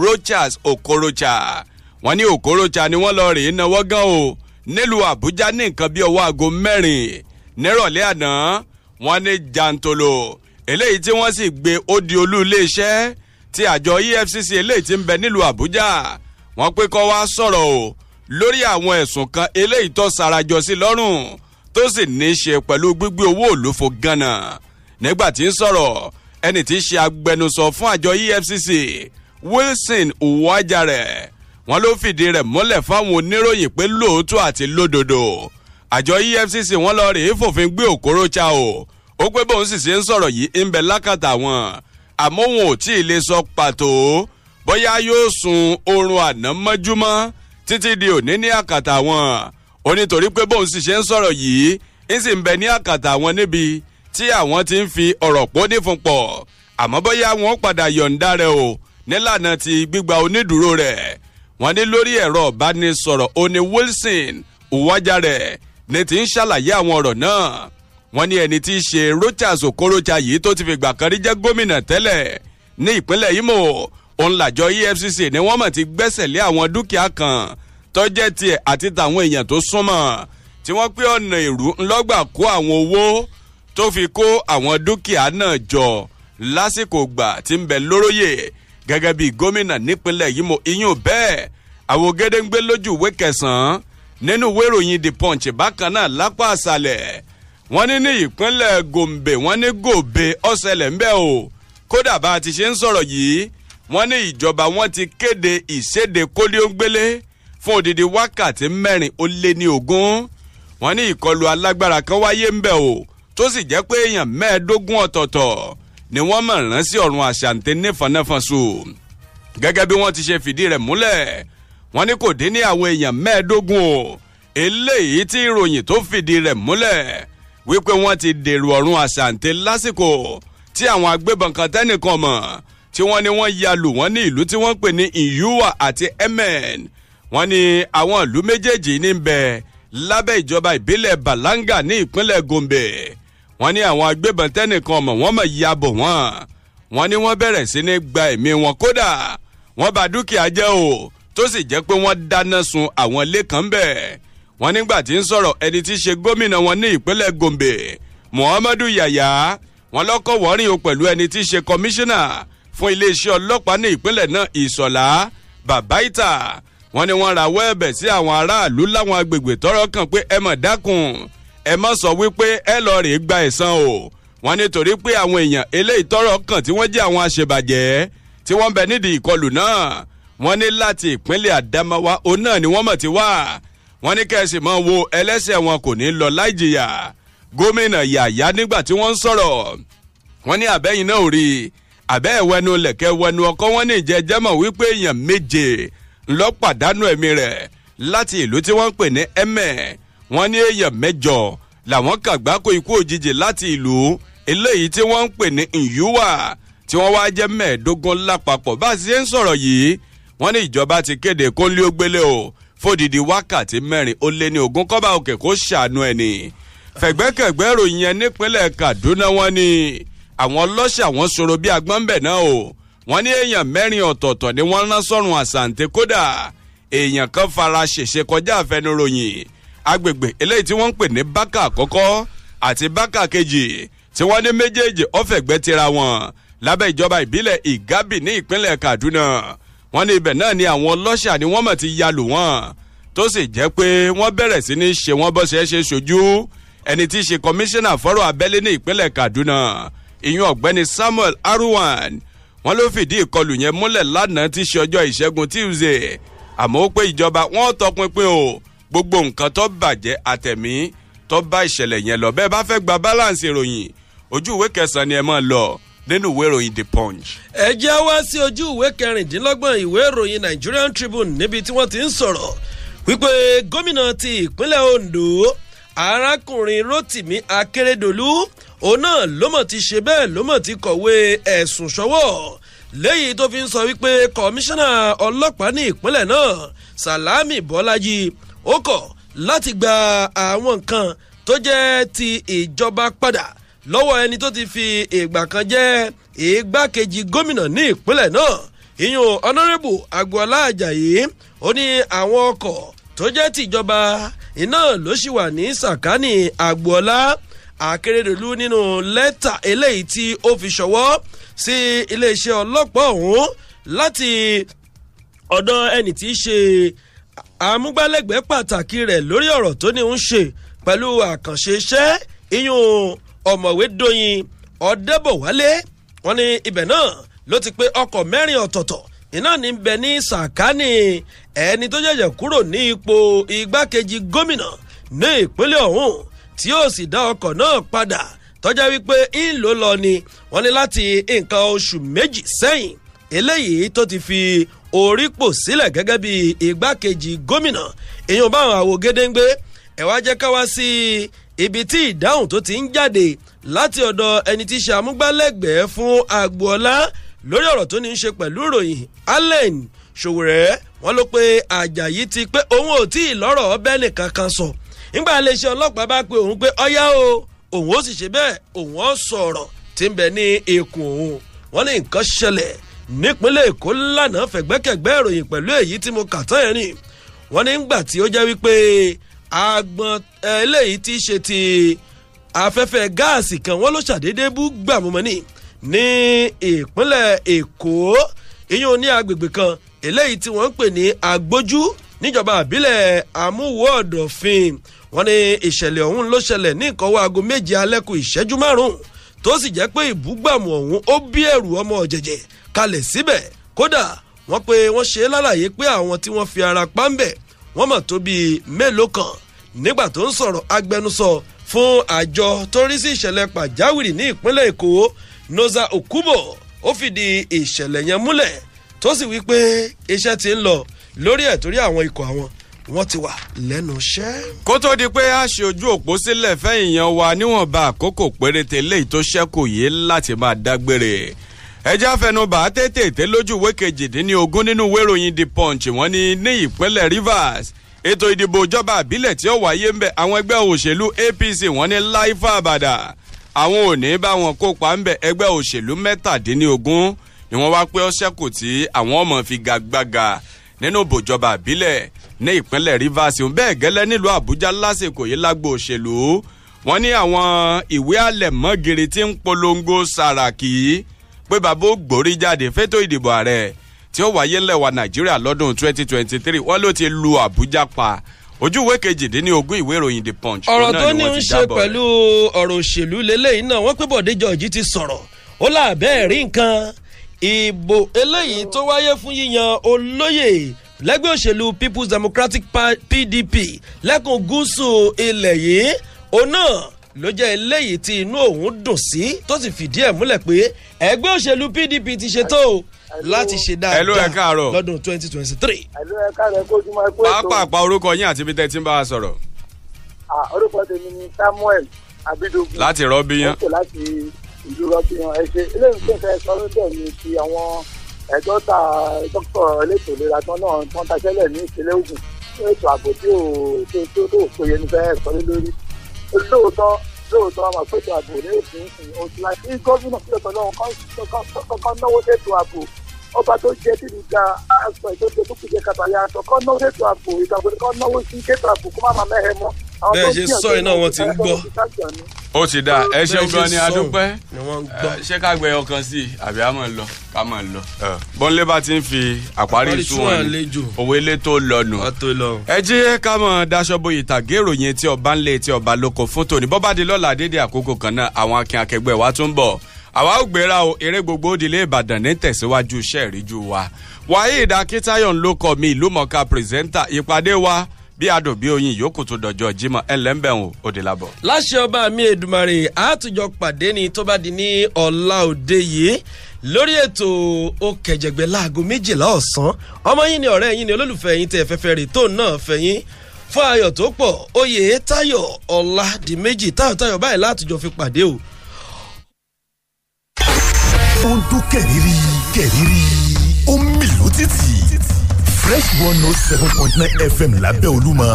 rochas okorocha wọ́n ní Okorocha ni wọ́n lọ rèé náwó gan o nílùú Àbújá ní nǹkan bíi ọwọ́ aago mẹ́rin nírọ̀lẹ́ àná wọ́n ní jàǹtòlò eléyìí tí wọ́n sì gbé ó di olú iléeṣẹ́ ti àjọ EFCC eléyìí tí ń bẹ nílùú Àbújá wọ́n pé kó wá sọ̀rọ̀ o lórí àwọn ẹ̀sùn kan eléyìí tó sarajọ sí lọ́rùn tó sì ní í ṣe pẹ̀lú gbígbé owó òlófo gánà nígbà tí ń sọ̀rọ̀ ẹni tí í ṣe agbẹnusọ fún àjọ EFCC Wilson Uwajare wọn ló fìdí rẹ̀ múlẹ̀ fáwọn oníròyìn pé lóòótọ́ àti lódodo àjọ efcc wọn lọ rèé fòfin gbé Okorocha o ó pé bóun sì ṣe ń sọ̀rọ̀ yìí ń bẹ lákàtà wọn àmọ́ wọn ò tí ì lè sọ pàtó bóyá yóò sun oorun àná mọ́júmọ́ títí di òní ní àkàtà wọn ó nítorí pé bóun sì ṣe ń sọ̀rọ̀ yìí ń sì ń bẹ ní àkàtà wọn níbi tí àwọn ti ń fi ọ̀rọ̀ pọ̀ nífun pọ̀ àmọ́ bóyá wọn padà yọ̀ǹda rẹ̀ o nílànà ti gbígba onídùúró rẹ̀ wọ́n ní lórí ẹ̀rọ ìbánisọ̀rọ̀ oní Wilson Uwajare ni ti ń ṣàlàyé àwọn ọ̀rọ̀ náà wọ́n ní ẹni tí í ṣe Rochas Okorocha yìí tó ti fìgbà kan rí jẹ́ gómìnà tẹ́lẹ̀ ní ìpínlẹ̀ Imo òun làjọ EFCC ni wọ́n mọ̀ ti gbẹ́sẹ̀ lé àwọn dúkìá kan tọ́jẹ́ tiẹ̀ àti tàwọn èèyàn tó súnmọ́ tí wọ́n pé ọ̀nà èrú ńlọ́gbà kó àwọn owó tó fi kó àwọn dúkìá náà jọ lásìkò gbà tí ń bẹ lóróyè gẹ́gẹ́ bí gómìnà nípínlẹ̀ Imo iyún bẹ́ẹ̀ àwògedengbe lójú ìwé kẹsàn-án nínú ìwé ìròyìn the punch bákan náà lápá àṣàlẹ̀ wọ́n ní ní ìpínlẹ̀ gombe wọ́n ní gòbe ọ̀sẹ̀lẹ̀ ńbẹ́ o kódà bá a ti ṣe ń sọ̀rọ̀ yìí wọ́n ní ìjọba wọn ti kéde ìséde kólíóngbélé fún odidi wákàtí mẹ́rin ó lé ní ogún wọ́n ní ìkọlù alágbára kan wáyé ńbẹ́ o tó sì jẹ́ pé èèyàn mẹ́ẹ̀ẹ́dógún ọ̀tọ̀ọ̀tọ̀ ni wọ́n mọ̀ rán sí ọ̀run àṣàǹtẹ̀ nífọ̀nẹ́fọ̀n bí wọ́n ti ṣe fìdí rẹ̀ múlẹ̀ wọ́n ní kò dín ní àwọn èèyàn mẹ́ẹ̀ẹ́dógún o eléyìí tí ìròyìn tó fìdí rẹ̀ múlẹ̀ wípé wọ́n ti dèrò ọ̀run àṣàǹtẹ̀ lásìkò tí àwọn agbébọn kan tẹ́nìkan mọ̀ tí wọ́n ní wọ́n ya lù wọ́n ní ìlú tí wọ́n pè ní Iyuwa àti Emen wọ́n ní àwọn ìlú méjèèjì ní bẹ lábẹ́ ìjọba ìbílẹ̀ Balanga ní ìpínlẹ̀ Gombe wọ́n ní àwọn agbébọn tẹ́nìkan mọ̀ wọ́n mọ̀ ya bò wọ́n wọ́n ní wọ́n bẹ̀rẹ̀ sí ní gba ẹ̀mí wọn kódà wọ́n bà dúkìá jẹ́ o tó sì jẹ́ pé wọ́n dáná sun àwọn ilé kan bẹ́ẹ̀ wọ́n nígbà tí ń sọ̀rọ̀ ẹni tí í ṣe gómìnà wọn ní ìpínlẹ̀ Gombe Muhammadu Yaya wọ́n lọ́kọ̀ wọ́rin o pẹ̀lú ẹni tí í ṣe kọmíṣánná fún iléeṣẹ́ ọlọ́pàá ní ìpínlẹ̀ náà Ìṣọ̀lá Bàbáìtà wọ́n ní wọ́n rawọ́ ẹ̀bẹ̀ sí àwọn aráàlú láwọn agbègbè tọ́rọ̀ kàn pé ẹ mọ̀ dákun ẹ mọ̀ sọ wípé ẹ lọ rèé gba ẹ̀san o wọ́n ní torí pé àwọn èèyàn eléyìí tọ́rọ̀ kàn tí wọ́n jẹ́ àwọn aṣèbàjẹ́ tí wọ́n bẹ nídìí ìkọlù náà wọ́n ní láti ìpínlẹ̀ Adamawa òun náà ni wọ́n mọ̀ ti wá wọ́n ní kẹ́sì mọ́ wo ẹlẹ́sẹ̀ wọn kò ní lọ láì jìyà gómìnà Yàyà nígbà tí wọ́n ń sọ̀rọ̀ wọ́n ní àbẹ́yìn náà rí àbẹ́ ẹ̀wẹ́nu lẹ̀kẹ́ wẹnu ọkọ́ wọn ní ìjẹ́jẹ́mọ̀ wípé èèyàn méje ló pàdánù ẹ̀mí rẹ̀ láti ìlú tí wọ́n ń pè ní ẹ̀mẹ̀ wọ́n ní èèyàn mẹ́jọ làwọn kàgbákò ikú òjijì láti ìlú eléyìí tí wọ́n ń pè ní ìyúwà tí wọ́n wá jẹ́ mẹ́ẹ̀ẹ́dógún lápapọ̀ bá a ṣe ń sọ̀rọ̀ yìí wọ́n ní ìjọba ti kéde kónlé ó gbélé o fódìdí wákàtí mẹ́rin ó lé ní ogún kọ́ba òkè kó ṣàánú ẹ̀ ni fẹ̀gbẹ́kẹ̀gbẹ́ ròyìn yẹn nípínlẹ̀ Kaduna wọ́n ní àwọn ọlọ́ṣà wọ́n sọ̀rọ̀ bí agbọ́n bẹ̀ náà o wọ́n ní èèyàn mẹ́rin ọ̀tọ̀ọ̀tọ̀ ni wọ́n rán sọ́run àsàǹtẹ̀ kódà èèyàn kan fara ṣèṣe kọjá àfẹnuròyìn agbègbè eléyìí tí wọ́n ń pè ní bákà àkọ́kọ́ àti bákà kejì tí wọ́n ní méjèèjì ọ̀fẹ̀gbẹ́ tira wọn lábẹ́ ìjọba ìbílẹ̀ Ìgábì ní ìpínlẹ̀ Kaduna wọ́n ní ibẹ̀ náà ni àwọn ọlọ́ṣà ni wọ́n mọ̀ ti ya lù wọ́n tó sì jẹ́ pé wọ́n bẹ̀rẹ̀ sí ní ṣe wọ́n bọ́sẹ̀ ṣe ṣojú ẹni tí í ṣe kọmíṣánná fọ́rọ̀ abẹ́lé ní ìpínlẹ̀ Kaduna ìyún ọ̀gbẹ́ni Samuel Aruwan wọ́n ló fìdí ìkọlù yẹn múlẹ̀ lánàá tí í ṣe ọjọ́ ìṣẹ́gun Tuesday àmọ́ ó pé ìjọba wọ́n tọpinpin o gbogbo nǹkan tó bàjẹ́ àtẹ̀mí tó bá ìṣẹ̀lẹ̀ yẹn lọ bẹ́ẹ̀ bá fẹ́ gba balance ìròyìn ojú ìwé kẹsàn ni ẹ máa lọ nínú ìwé ìròyìn the punch. ẹ jẹ́ wá sí ojú ìwé kẹrìndínlọ́gbọ̀n ìwé ìròyìn nigerian tribune níbi tí wọ́n ti ń sọ̀rọ̀ wípé gómìnà ti ìpínlẹ̀ ondo arákùnrin rotimi akérèdọ́lù òun náà ló mọ̀ ti ṣe bẹ́ẹ̀ ló mọ̀ ti kọ̀wé ẹ̀sùn ṣọwọ́ léyìí tó fi ń sọ wípé kọmíṣánná ọlọ́pàá ní ìpínlẹ̀ náà salami bọ́lájì ó kọ̀ láti gba àwọn nǹkan tó jẹ́ ti ìjọba padà lọ́wọ́ ẹni tó ti fi ìgbà kan jẹ́ ìgbákejì gómìnà ní ìpínlẹ̀ náà ìyún ọ̀nàrẹ́bù agboola ajayi ó ní àwọn ọkọ̀ tó jẹ́ tìjọba iná ló sì wà ní sàkánì agboola akérèdọ́lù nínú lẹ́tà eléyìí tí ó fi ṣọwọ́ sí iléeṣẹ́ ọlọ́pàá ọ̀hún láti ọ̀dọ̀ ẹni tí í ṣe amúgbálẹ́gbẹ̀ẹ́ pàtàkì rẹ̀ lórí ọ̀rọ̀ tó ní ń ṣe pẹ̀lú àkànṣe iṣẹ́ ìyún ọ̀mọ̀wé doyin ọ̀dẹ́bọ̀wálé wọn ní ibẹ̀ náà ló ti pé ọkọ̀ mẹ́rin ọ̀tọ̀ọ̀tọ̀ iná ní bẹ ní sàkánì ẹni tó jẹ̀jẹ̀ kúrò ní ipò igbákejì gómìnà ní ìpínlẹ̀ ọ̀hún tí yóò sì dá ọkọ̀ náà padà tọ́já wípé ń lọ ni wọ́n ní láti nǹkan oṣù méjì sẹ́yìn eléyìí tó ti fi orí pò sílẹ̀ gẹ́gẹ́ bí igbákejì gómìnà èèyàn báwọn àwògede ń gbé ẹ̀wá jẹ́ ká wá sí i ibi tí ìdáhùn tó ti ń jáde láti ọ̀dọ̀ ẹni tí í ṣe amúgbálẹ́gbẹ̀ẹ́ fún Agboola lórí ọ̀rọ̀ tó ní í ṣe pẹ̀lú ìròyìn Allen Sòwòrẹ́ wọn ló pe Àjàyí ti pé òun ò tí ì lọ́rọ̀ ọbẹ̀ nìkan kan sọ nígbà iléeṣẹ́ ọlọ́pàá bá pe òun pé ọyá o òun ó sì ṣe bẹ́ẹ̀ òun ó sọ̀rọ̀ tí ń bẹ ní ikùn òun wọn ní nǹkan ṣẹlẹ̀ nípínlẹ̀ Èkó lánàá fẹ̀gbẹ́kẹ̀gbẹ́ ìròyìn pẹ̀lú èyí tí mo kà tán yẹn ni wọ́n ní gbà tí ó jẹ́ wípé agbọn eh, eléyìí ti ṣe ti afẹ́fẹ́ gáàsì kan wọ́n ló ṣàdédé bú gbàmúmọ́ni ní ìpínlẹ̀ èkó ìyún ní agbègbè kan eléyìí tí wọ́n ń pè ní agbójú níjọba àbílẹ̀ amúwò ọ̀dọ̀fin wọ́n ní ìṣẹ̀lẹ̀ ọ̀hún ló ṣẹlẹ̀ ní ìkọ́wọ́ aago méje alẹ́ kù ìṣẹ́jú márùn-ún tó sì jẹ́ pé ìbúgbàmù ọ̀hún ó bí ẹ̀rù ọmọ ọ̀jẹ̀jẹ̀ kalẹ̀ síbẹ̀ kódà wọ́n pe wọ́n ṣe lálàyé pé àwọn tí wọ́n fi ara pa ń bẹ̀ wọ́n mọ̀ tó bíi mélòó kan nígbà tó ń sọ̀rọ̀ agbẹnusọ fún àjọ tó ń rí sí ìṣẹ̀lẹ̀ pàjáwìrì ní ìpínlẹ̀ èkó noza okubo ó fìdí ìṣẹ̀lẹ̀ yẹn múlẹ̀ tó sì wí pé iṣẹ́ ti ń lọ lórí ẹ̀ àwọn ikọ̀ àwọn wọ́n ti wà lẹ́nu iṣẹ́. kó tó di pé a ṣe ojú òpó sílẹ̀ fẹ́yìn yan wa níwọ̀nba àkókò péréte léyìí tó ṣẹ́kù yìí láti máa dágbére ẹjẹ́ afẹnubà tètè tẹ lójú ìwé kejìdínlógún nínú ìwé ìròyìn the punch wọ́n ní ní ìpínlẹ̀ rivers ètò ìdìbò ìjọba àbílẹ̀ tí ó wáyé ń bẹ̀ àwọn ẹgbẹ́ òṣèlú apc wọ́n ní láìfà àbàdà àwọn ò ní bá wọn kópa ń bẹ̀ ẹgbẹ́ òṣèlú mẹ́tàdínlógún ni wọ́n wá pé ó ṣẹ́kù tí àwọn ọmọ fi gagbága nínú ìbòjọba àbílẹ̀ ní ìpínlẹ̀ rivers bẹ́ẹ̀ gẹ́lẹ́ nílùú àbújá lásìkò yìí lágbo òṣèlú wọ́n ní àwọn ìwé àlẹ̀mọ́gìrì tí ń polongo sàràkì pé bàbá ó gbórí jáde fétò ìdìbò ààrẹ tí ó wáyé ńlẹ̀ wa nàìjíríà lọ́dún 2023 wọ́n ló ti lu àbújá pa ojú ìwé kejìdínlógún ìwé ìròyìn the punch. ọ̀rọ̀ tó ní ń ṣe pẹ̀lú ọ̀rọ̀ òṣèlú lélẹ́yìn náà wọ́n pé Bọ̀dé George ti sọ̀rọ̀ ó láàbẹ̀ rí nǹkan ìbò eléyìí tó wáyé fún yíyan olóyè lẹ́gbẹ́ òṣèlú People's Democratic PDP lẹ́kùn gúúsù ilẹ̀ yìí òun náà ló jẹ́ eléyìí tí inú òun dùn sí tó sì fìdí ẹ̀ múlẹ̀ pé ẹgbẹ́ òṣèlú PDP ti ṣètò láti ṣe dáadáa lọ́dún twenty twenty three. ẹ̀lú ẹ̀ka rẹ̀ kó jùmọ̀ ẹ̀kú ètò. pàápàá pa orúkọ yín àti ibi tẹ́ ti ń bá a sọ̀rọ̀. orúkọ tèmi ni Samuel Abidogun. láti rọ́bíyàn. ó láti ìlú rọ́bíyàn ẹ ṣe ilé ìgbésẹ̀ sọ lóde mi ti àwọn ẹjọ́ dókítà elétò ìlera tán náà tán taṣẹ́lẹ̀ ní ìpínlẹ̀ Ògùn fún ètò ààbò tí ò tó tó tó péye ní fẹ́ẹ́ sọ lórí lóòótọ́ lóòótọ́ àwọn àpèjọ ààbò ní òfin òsì láti ní gómìnà fílẹ̀ tọ́lọ́run kọ́ náwó tètò ààbò ọba tó jẹ tí nìka aṣọ ìtọ́jú tó kù jẹ kàtàyà aṣọ kọ́ náwó ètò ààbò ìtàkùn kọ́ náwó sí kéètò ààbò kó má má mẹ́rẹ̀ mọ́. bẹ́ẹ̀ ṣe sọ iná wọn ti ń gbọ́. ó ti dà ẹ ṣeun gan ni adúpẹ́ ṣé ká gbẹ ọkàn sí i àbí a máa lọ ká máa lọ. bọ́nlé bá ti ń fi àparí ìṣúwọ̀n òwe ilé tó lọ nù. ẹ jí ká mọ̀ daṣọ bo ìtàgé ìròyìn tí ọba ń lé tí ọba lóko fún tòní bọ́bá di lọ́la dédé àkókò kan náà àwọn akin akẹgbẹ́ wa tún bọ̀ àwa ò gbéra o eré gbogbo òdìlé ìbàdàn ní tẹ̀síwájú iṣẹ́ ìríjú wa waheed akitayo ń lókọ mi ìlú mọ̀ọ́ká pírẹsẹ́ńtà ìpàdé wa bí adùn bí oyin yòókù tó dọjọ jimọ ẹlẹ́mbẹ̀hún òdìlábọ̀. láṣẹ ọba mi èdùmarè àtúnjọ pàdé ni tó bá di ní ọ̀la òde yìí lórí ètò òkèjẹgbẹ láago méjìlá ọ̀sán ọmọ yìí ni ọ̀rẹ́ yìí ni olólùfẹ́ yìí tẹ̀ fẹ́fẹ́ rè tóun náà fẹ́ yín fún ayọ̀ tó pọ̀ oyè táyọ̀ ọ̀la di méjì táyọ̀ táyọ̀ báyìí látúnjọ fi pàdé o tó ń dún kẹ̀rìírí kẹ̀rìírí ó ń mìlú títì fresh one note oh seven point nine fm lábẹ́ olúmọ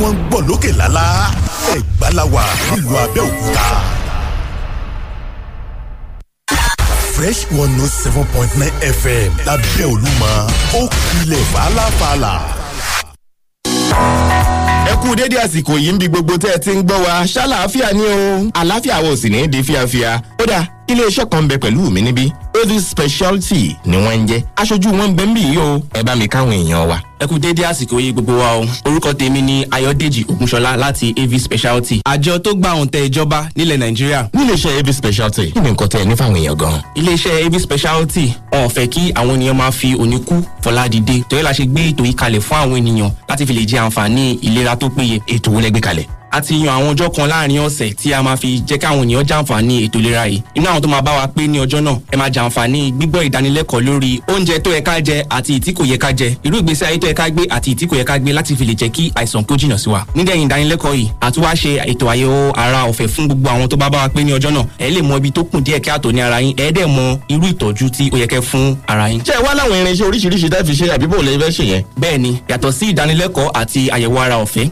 wọ́n ń gbọ́ lókè lálá ẹ̀gbá nílùú abẹ́òkúta. fresh one note oh seven point nine fm lábẹ́ olúmọ ó kilẹ̀ fàlàfàlà ẹ kú dédé àsìkò yìí ń bi gbogbo tẹ́ ẹ ti ń gbọ́ wa ṣáláàfíà ni o àlàáfíà wo sì ní di fíafíà ó dáa iléeṣẹ́ kan bẹ pẹ̀lú mi níbí oasis speciality ni wọ́n ń jẹ́ aṣojú wọn bẹ́ẹ̀ bí yìí o ẹ bá mi káwọn èèyàn wa ẹ kú déédéé àsìkò yìí gbogbo wa o orúkọ tèmi ni ayọ̀dèjì ògúnṣọlá láti av speciality àjọ tó gba òǹtẹ̀ ìjọba nílẹ̀ nàìjíríà. níléeṣẹ́ av speciality kí ni nǹkan tẹ ẹ ní fáwọn èèyàn gan. iléeṣẹ́ av speciality wọn ò fẹ́ kí àwọn ènìyàn máa fi oníkú fọládìde torí la ṣe gbé ètò yìí kalẹ̀ fún àwọn ènìyàn láti fi lè jẹ àǹfààní ìlera tó péye. ètò wo gbé kalẹ̀ a ti yan àwọn ọjọ́ kan láàrin ọ̀sẹ̀ tí a máa fi jẹ́ káwọn ènìyàn jàǹfààní ètò ìlera yìí inú àwọn tó máa bá wa pé ní ọjọ́ náà ẹ máa jàǹfààní gbígbọ́ ìdánilẹ́kọ̀ọ́ lórí oúnjẹ tó yẹ ká jẹ àti ìtí kò yẹ ká jẹ irú ìgbésí ayé tó yẹ ká gbé àti ìtí kò yẹ ká gbé láti fi lè jẹ́ kí àìsàn kó jìnà sí wa nídẹ̀yìn ìdánilẹ́kọ̀ọ́ yìí a wá ṣe ètò àyẹ̀wò ara ọ̀fẹ́ fún gbogbo àwọn tó bá bá wa pé ní ọjọ́ náà ẹ lè mọ ibi tó kù díẹ̀ ara yín ẹ dẹ̀ mọ irú ìtọ́jú tí ó yẹ kẹ́ fún ara yín. ṣé ẹ wá láwọn irinṣẹ́ oríṣiríṣi tẹ́ fi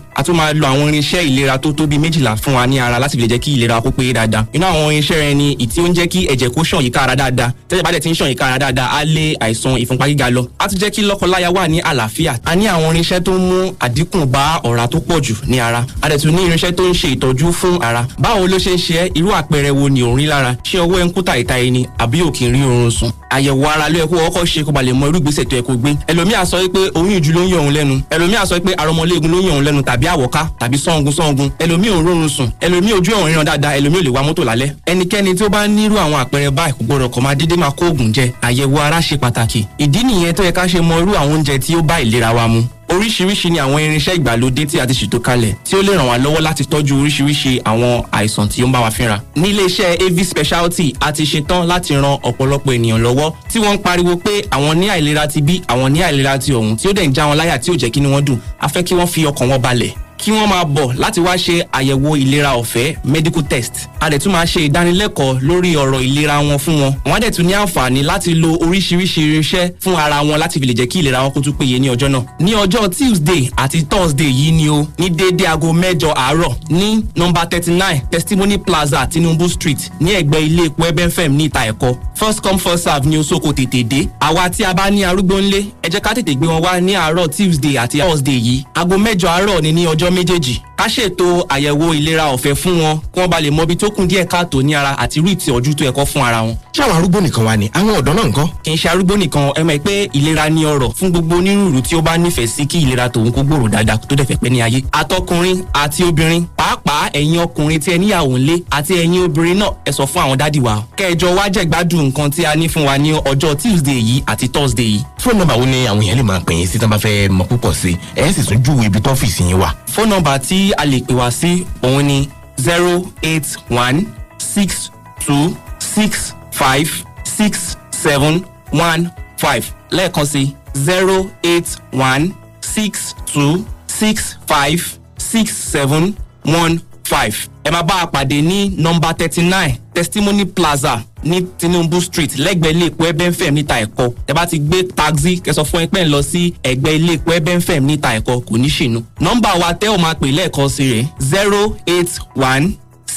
ṣe ìlera tó tó bíi méjìlá fún wa ní ara láti fi lè jẹ́ kí ìlera kó pé dáadáa inú àwọn irinṣẹ́ rẹ ni ìtí ó ń jẹ́ kí ẹ̀jẹ̀ kó ṣàn yíká ara dáadáa tẹ́jẹ̀ bá dẹ̀ ti ń ṣàn yíká ara dáadáa á lé àìsàn ìfúnpá gíga lọ á tún jẹ́ kí lọ́kọláya wà ní àlàáfíà a ní àwọn irinṣẹ́ tó ń mú àdínkù bá ọ̀rá tó pọ̀ jù ní ara a dẹ̀ tún ní irinṣẹ́ tó ń ṣe ìtọ́jú fún ara báwo ló ṣe ń ṣe ẹ́ irú àpẹẹrẹ wo ni òun lára ṣé ọwọ́ ẹ ń kú tàìta ẹni àbí ò rí oorun sùn àyẹ̀wò ara ló yẹ kó ọkọ̀ ṣe kó ba lè mọ irú ìgbésẹ̀ tó yẹ kó gbé ẹlòmíà sọ pé oyún ìjú ló ń yọ òun lẹ́nu ẹlòmíà sọ pé arọmọléegun ló ń yọ òun lẹ́nu tàbí àwọ̀ká tàbí sọ́ngun sọ́ngun ogun ẹlòmíì ò sùn ẹlòmíì ojú ẹ̀wọ̀n ríran dáadáa ẹlòmíì ò lè wa mọ́tò lálẹ́ ẹnikẹ́ni tó bá nírú àwọn àpẹẹrẹ báyìí kò gbọdọ̀ kọ̀ máa dédé máa kó oògùn jẹ àyẹ̀wò ara ṣe pàtàkì ìdí nìyẹn tó yẹ ká ṣe mọ irú àwọn oúnjẹ tí ó bá ìlera wa mu oríṣiríṣi ni àwọn irinṣẹ́ ìgbàlódé tí a ti ṣètò kalẹ̀ tí ó lè ràn wá lọ́wọ́ láti tọ́jú oríṣiríṣi àwọn àìsàn tí ó ń bá wa fínra. ní iléeṣẹ́ av speciality a ti ṣetán láti ran ọ̀pọ̀lọpọ̀ ènìyàn lọ́wọ́ tí wọ́n ń pariwo pé àwọn ní àìlera ti bí àwọn ní àìlera ti ọ̀hún tí ó dẹ̀ ń já wọn láyà tí ò jẹ́ kí ni wọ́n dùn a fẹ́ kí wọ́n fi ọkàn wọn balẹ̀ kí wọ́n máa bọ̀ láti wá ṣe àyẹ̀wò ìlera ọ̀fẹ́ medical test a dẹ̀ tún máa ṣe ìdánilẹ́kọ̀ọ́ lórí ọ̀rọ̀ ìlera wọn fún wọn wọ́n á dẹ̀ tún ní àǹfààní láti lo oríṣiríṣi irinṣẹ́ fún ara wọn láti fi lè jẹ́ kí ìlera wọn kó tún péye ní ọjọ́ náà ní ọjọ́ tuesday àti thursday yìí ni o ní déédé aago mẹ́jọ àárọ̀ ní nọ́mbà thirty nine testimony plaza tinubu street ní ẹ̀gbẹ́ ilé epo ẹbẹ́fẹ̀m ní ìta ẹ̀kọ́ first come first serve ni osoko tètè dé àwa tí a bá ní arúgbó ńlé ẹ jẹ́ ká tètè gbé wọn wá ní àárọ̀ tuesday àti thursday yìí aago mẹ́jọ àárọ̀ ni ní ọjọ́ méjèèjì ká ṣètò àyẹ̀wò ìlera ọ̀fẹ́ fún wọn kí wọ́n bá lè mọ ibi tó kún díẹ̀ káàtó ní ara àti irú ìtìjú tó ẹ̀kọ́ fún ara wọn. ṣé àwọn arúgbó nìkan wà ní àwọn ọ̀dọ́ náà nǹkan. kì í ṣe arúgbó nìkan ẹ mọ̀ pé ìlera ni ọrọ̀ fún gbogbo onírúurú tí ó bá nífẹ̀ẹ́ sí kí ìlera tòun kó gbòòrò dáadáa tó dẹ̀ fẹ́ pẹ́ ní ayé. àtọkùnrin àti obìnrin pàápàá ẹ̀yin ọkùnrin tí ẹ níyàwó ńlé àti ẹ̀yin obìnrin náà ẹ sọ fún àwọn dádì wa. kẹjọ wá jẹ̀gbádùn nǹkan tí a ní fún wa ní ọjọ́ Tuesday yìí àti Thursday yìí. fóònù nọ́mbà wo ni àwọn èèyàn lè máa pè yín sí tí wọn bá fẹ́ mọ̀ púpọ̀ sí ẹ sì tún júwe ibi tọ́fíìsì yín wà. fóònù nọ́mbà tí tí a lè pè wá sí òun ni zero eight one six two six five six seven one five lẹ́ẹ̀kan sí zero eight one six two six five six seven one five ẹ máa bá a pàdé ní nọmba thirty nine testimony plaza ní tinubu street lẹ́gbẹ̀ẹ́ ilé epo ebenfem níta ẹ̀kọ́ tẹ́ bá ti gbé taxi kẹsàn fún ẹpẹ́ ń lọ sí ẹ̀gbẹ́ ilé epo níta ẹ̀kọ́ kò ní ṣìnú. nọmba wa tẹ́ ò máa pè lẹ́ẹ̀kan sí rẹ̀ zero eight one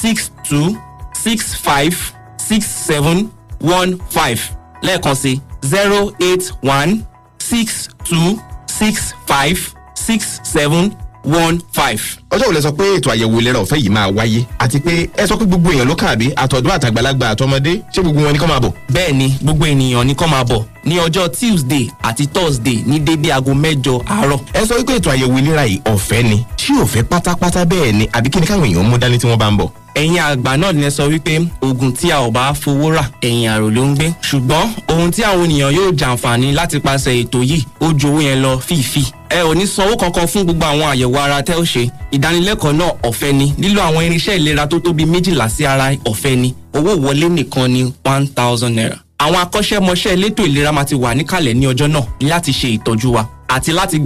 six two six five six seven one five lẹ́ẹ̀kan sí zero eight one six two six five six seven one five. ọjọ́ òun lẹ sọ pé ètò àyẹ̀wò ìlera ọ̀fẹ́ yìí máa wáyé àti pé ẹ sọ pé gbogbo èèyàn ló kàbí àtọ̀dọ́ àtàgbàlagbà àtọmọdé ṣé gbogbo wọn ni kó máa bọ̀. bẹ́ẹ̀ni gbogbo ènìyàn ni kó máa bọ̀ ní ọjọ́ tuesday àti thursday ní dédé aago mẹ́jọ àárọ̀. ẹ sọ wípé ètò àyẹ̀wò ìlera yìí ọ̀fẹ́ ni ṣé ọ̀fẹ́ pátápátá bẹ́ẹ̀ ni àbí kí ni káwọn èèyàn mú dání tí wọ́n bá ń bọ̀ ẹ̀yin àgbà náà ni ẹ sọ wípé oògùn tí a ò bá fowó rà ẹ̀yìn àrò ló ń gbé ṣùgbọ́n ohun tí àwọn ènìyàn yóò jàǹfààní láti pàṣẹ ètò yìí ó ju owó yẹn lọ fífi ẹ ò ní sanwó kankan fún gbogbo àwọn àyẹ̀wò ara tẹ́ ó ṣe ìdánilẹ́kọ̀ọ́ náà ọ̀fẹ́ ni lílo àwọn irinṣẹ́ ìlera tó tóbi méjìlá sí ara ọ̀fẹ́ ni owó wọlé nìkan ni one thousand naira àwọn akọ́ṣẹ́mọṣẹ́ elétò ìlera máa ti wà níkàlẹ̀ ní ọjọ́ náà láti ṣe ìtọ́jú wa àti láti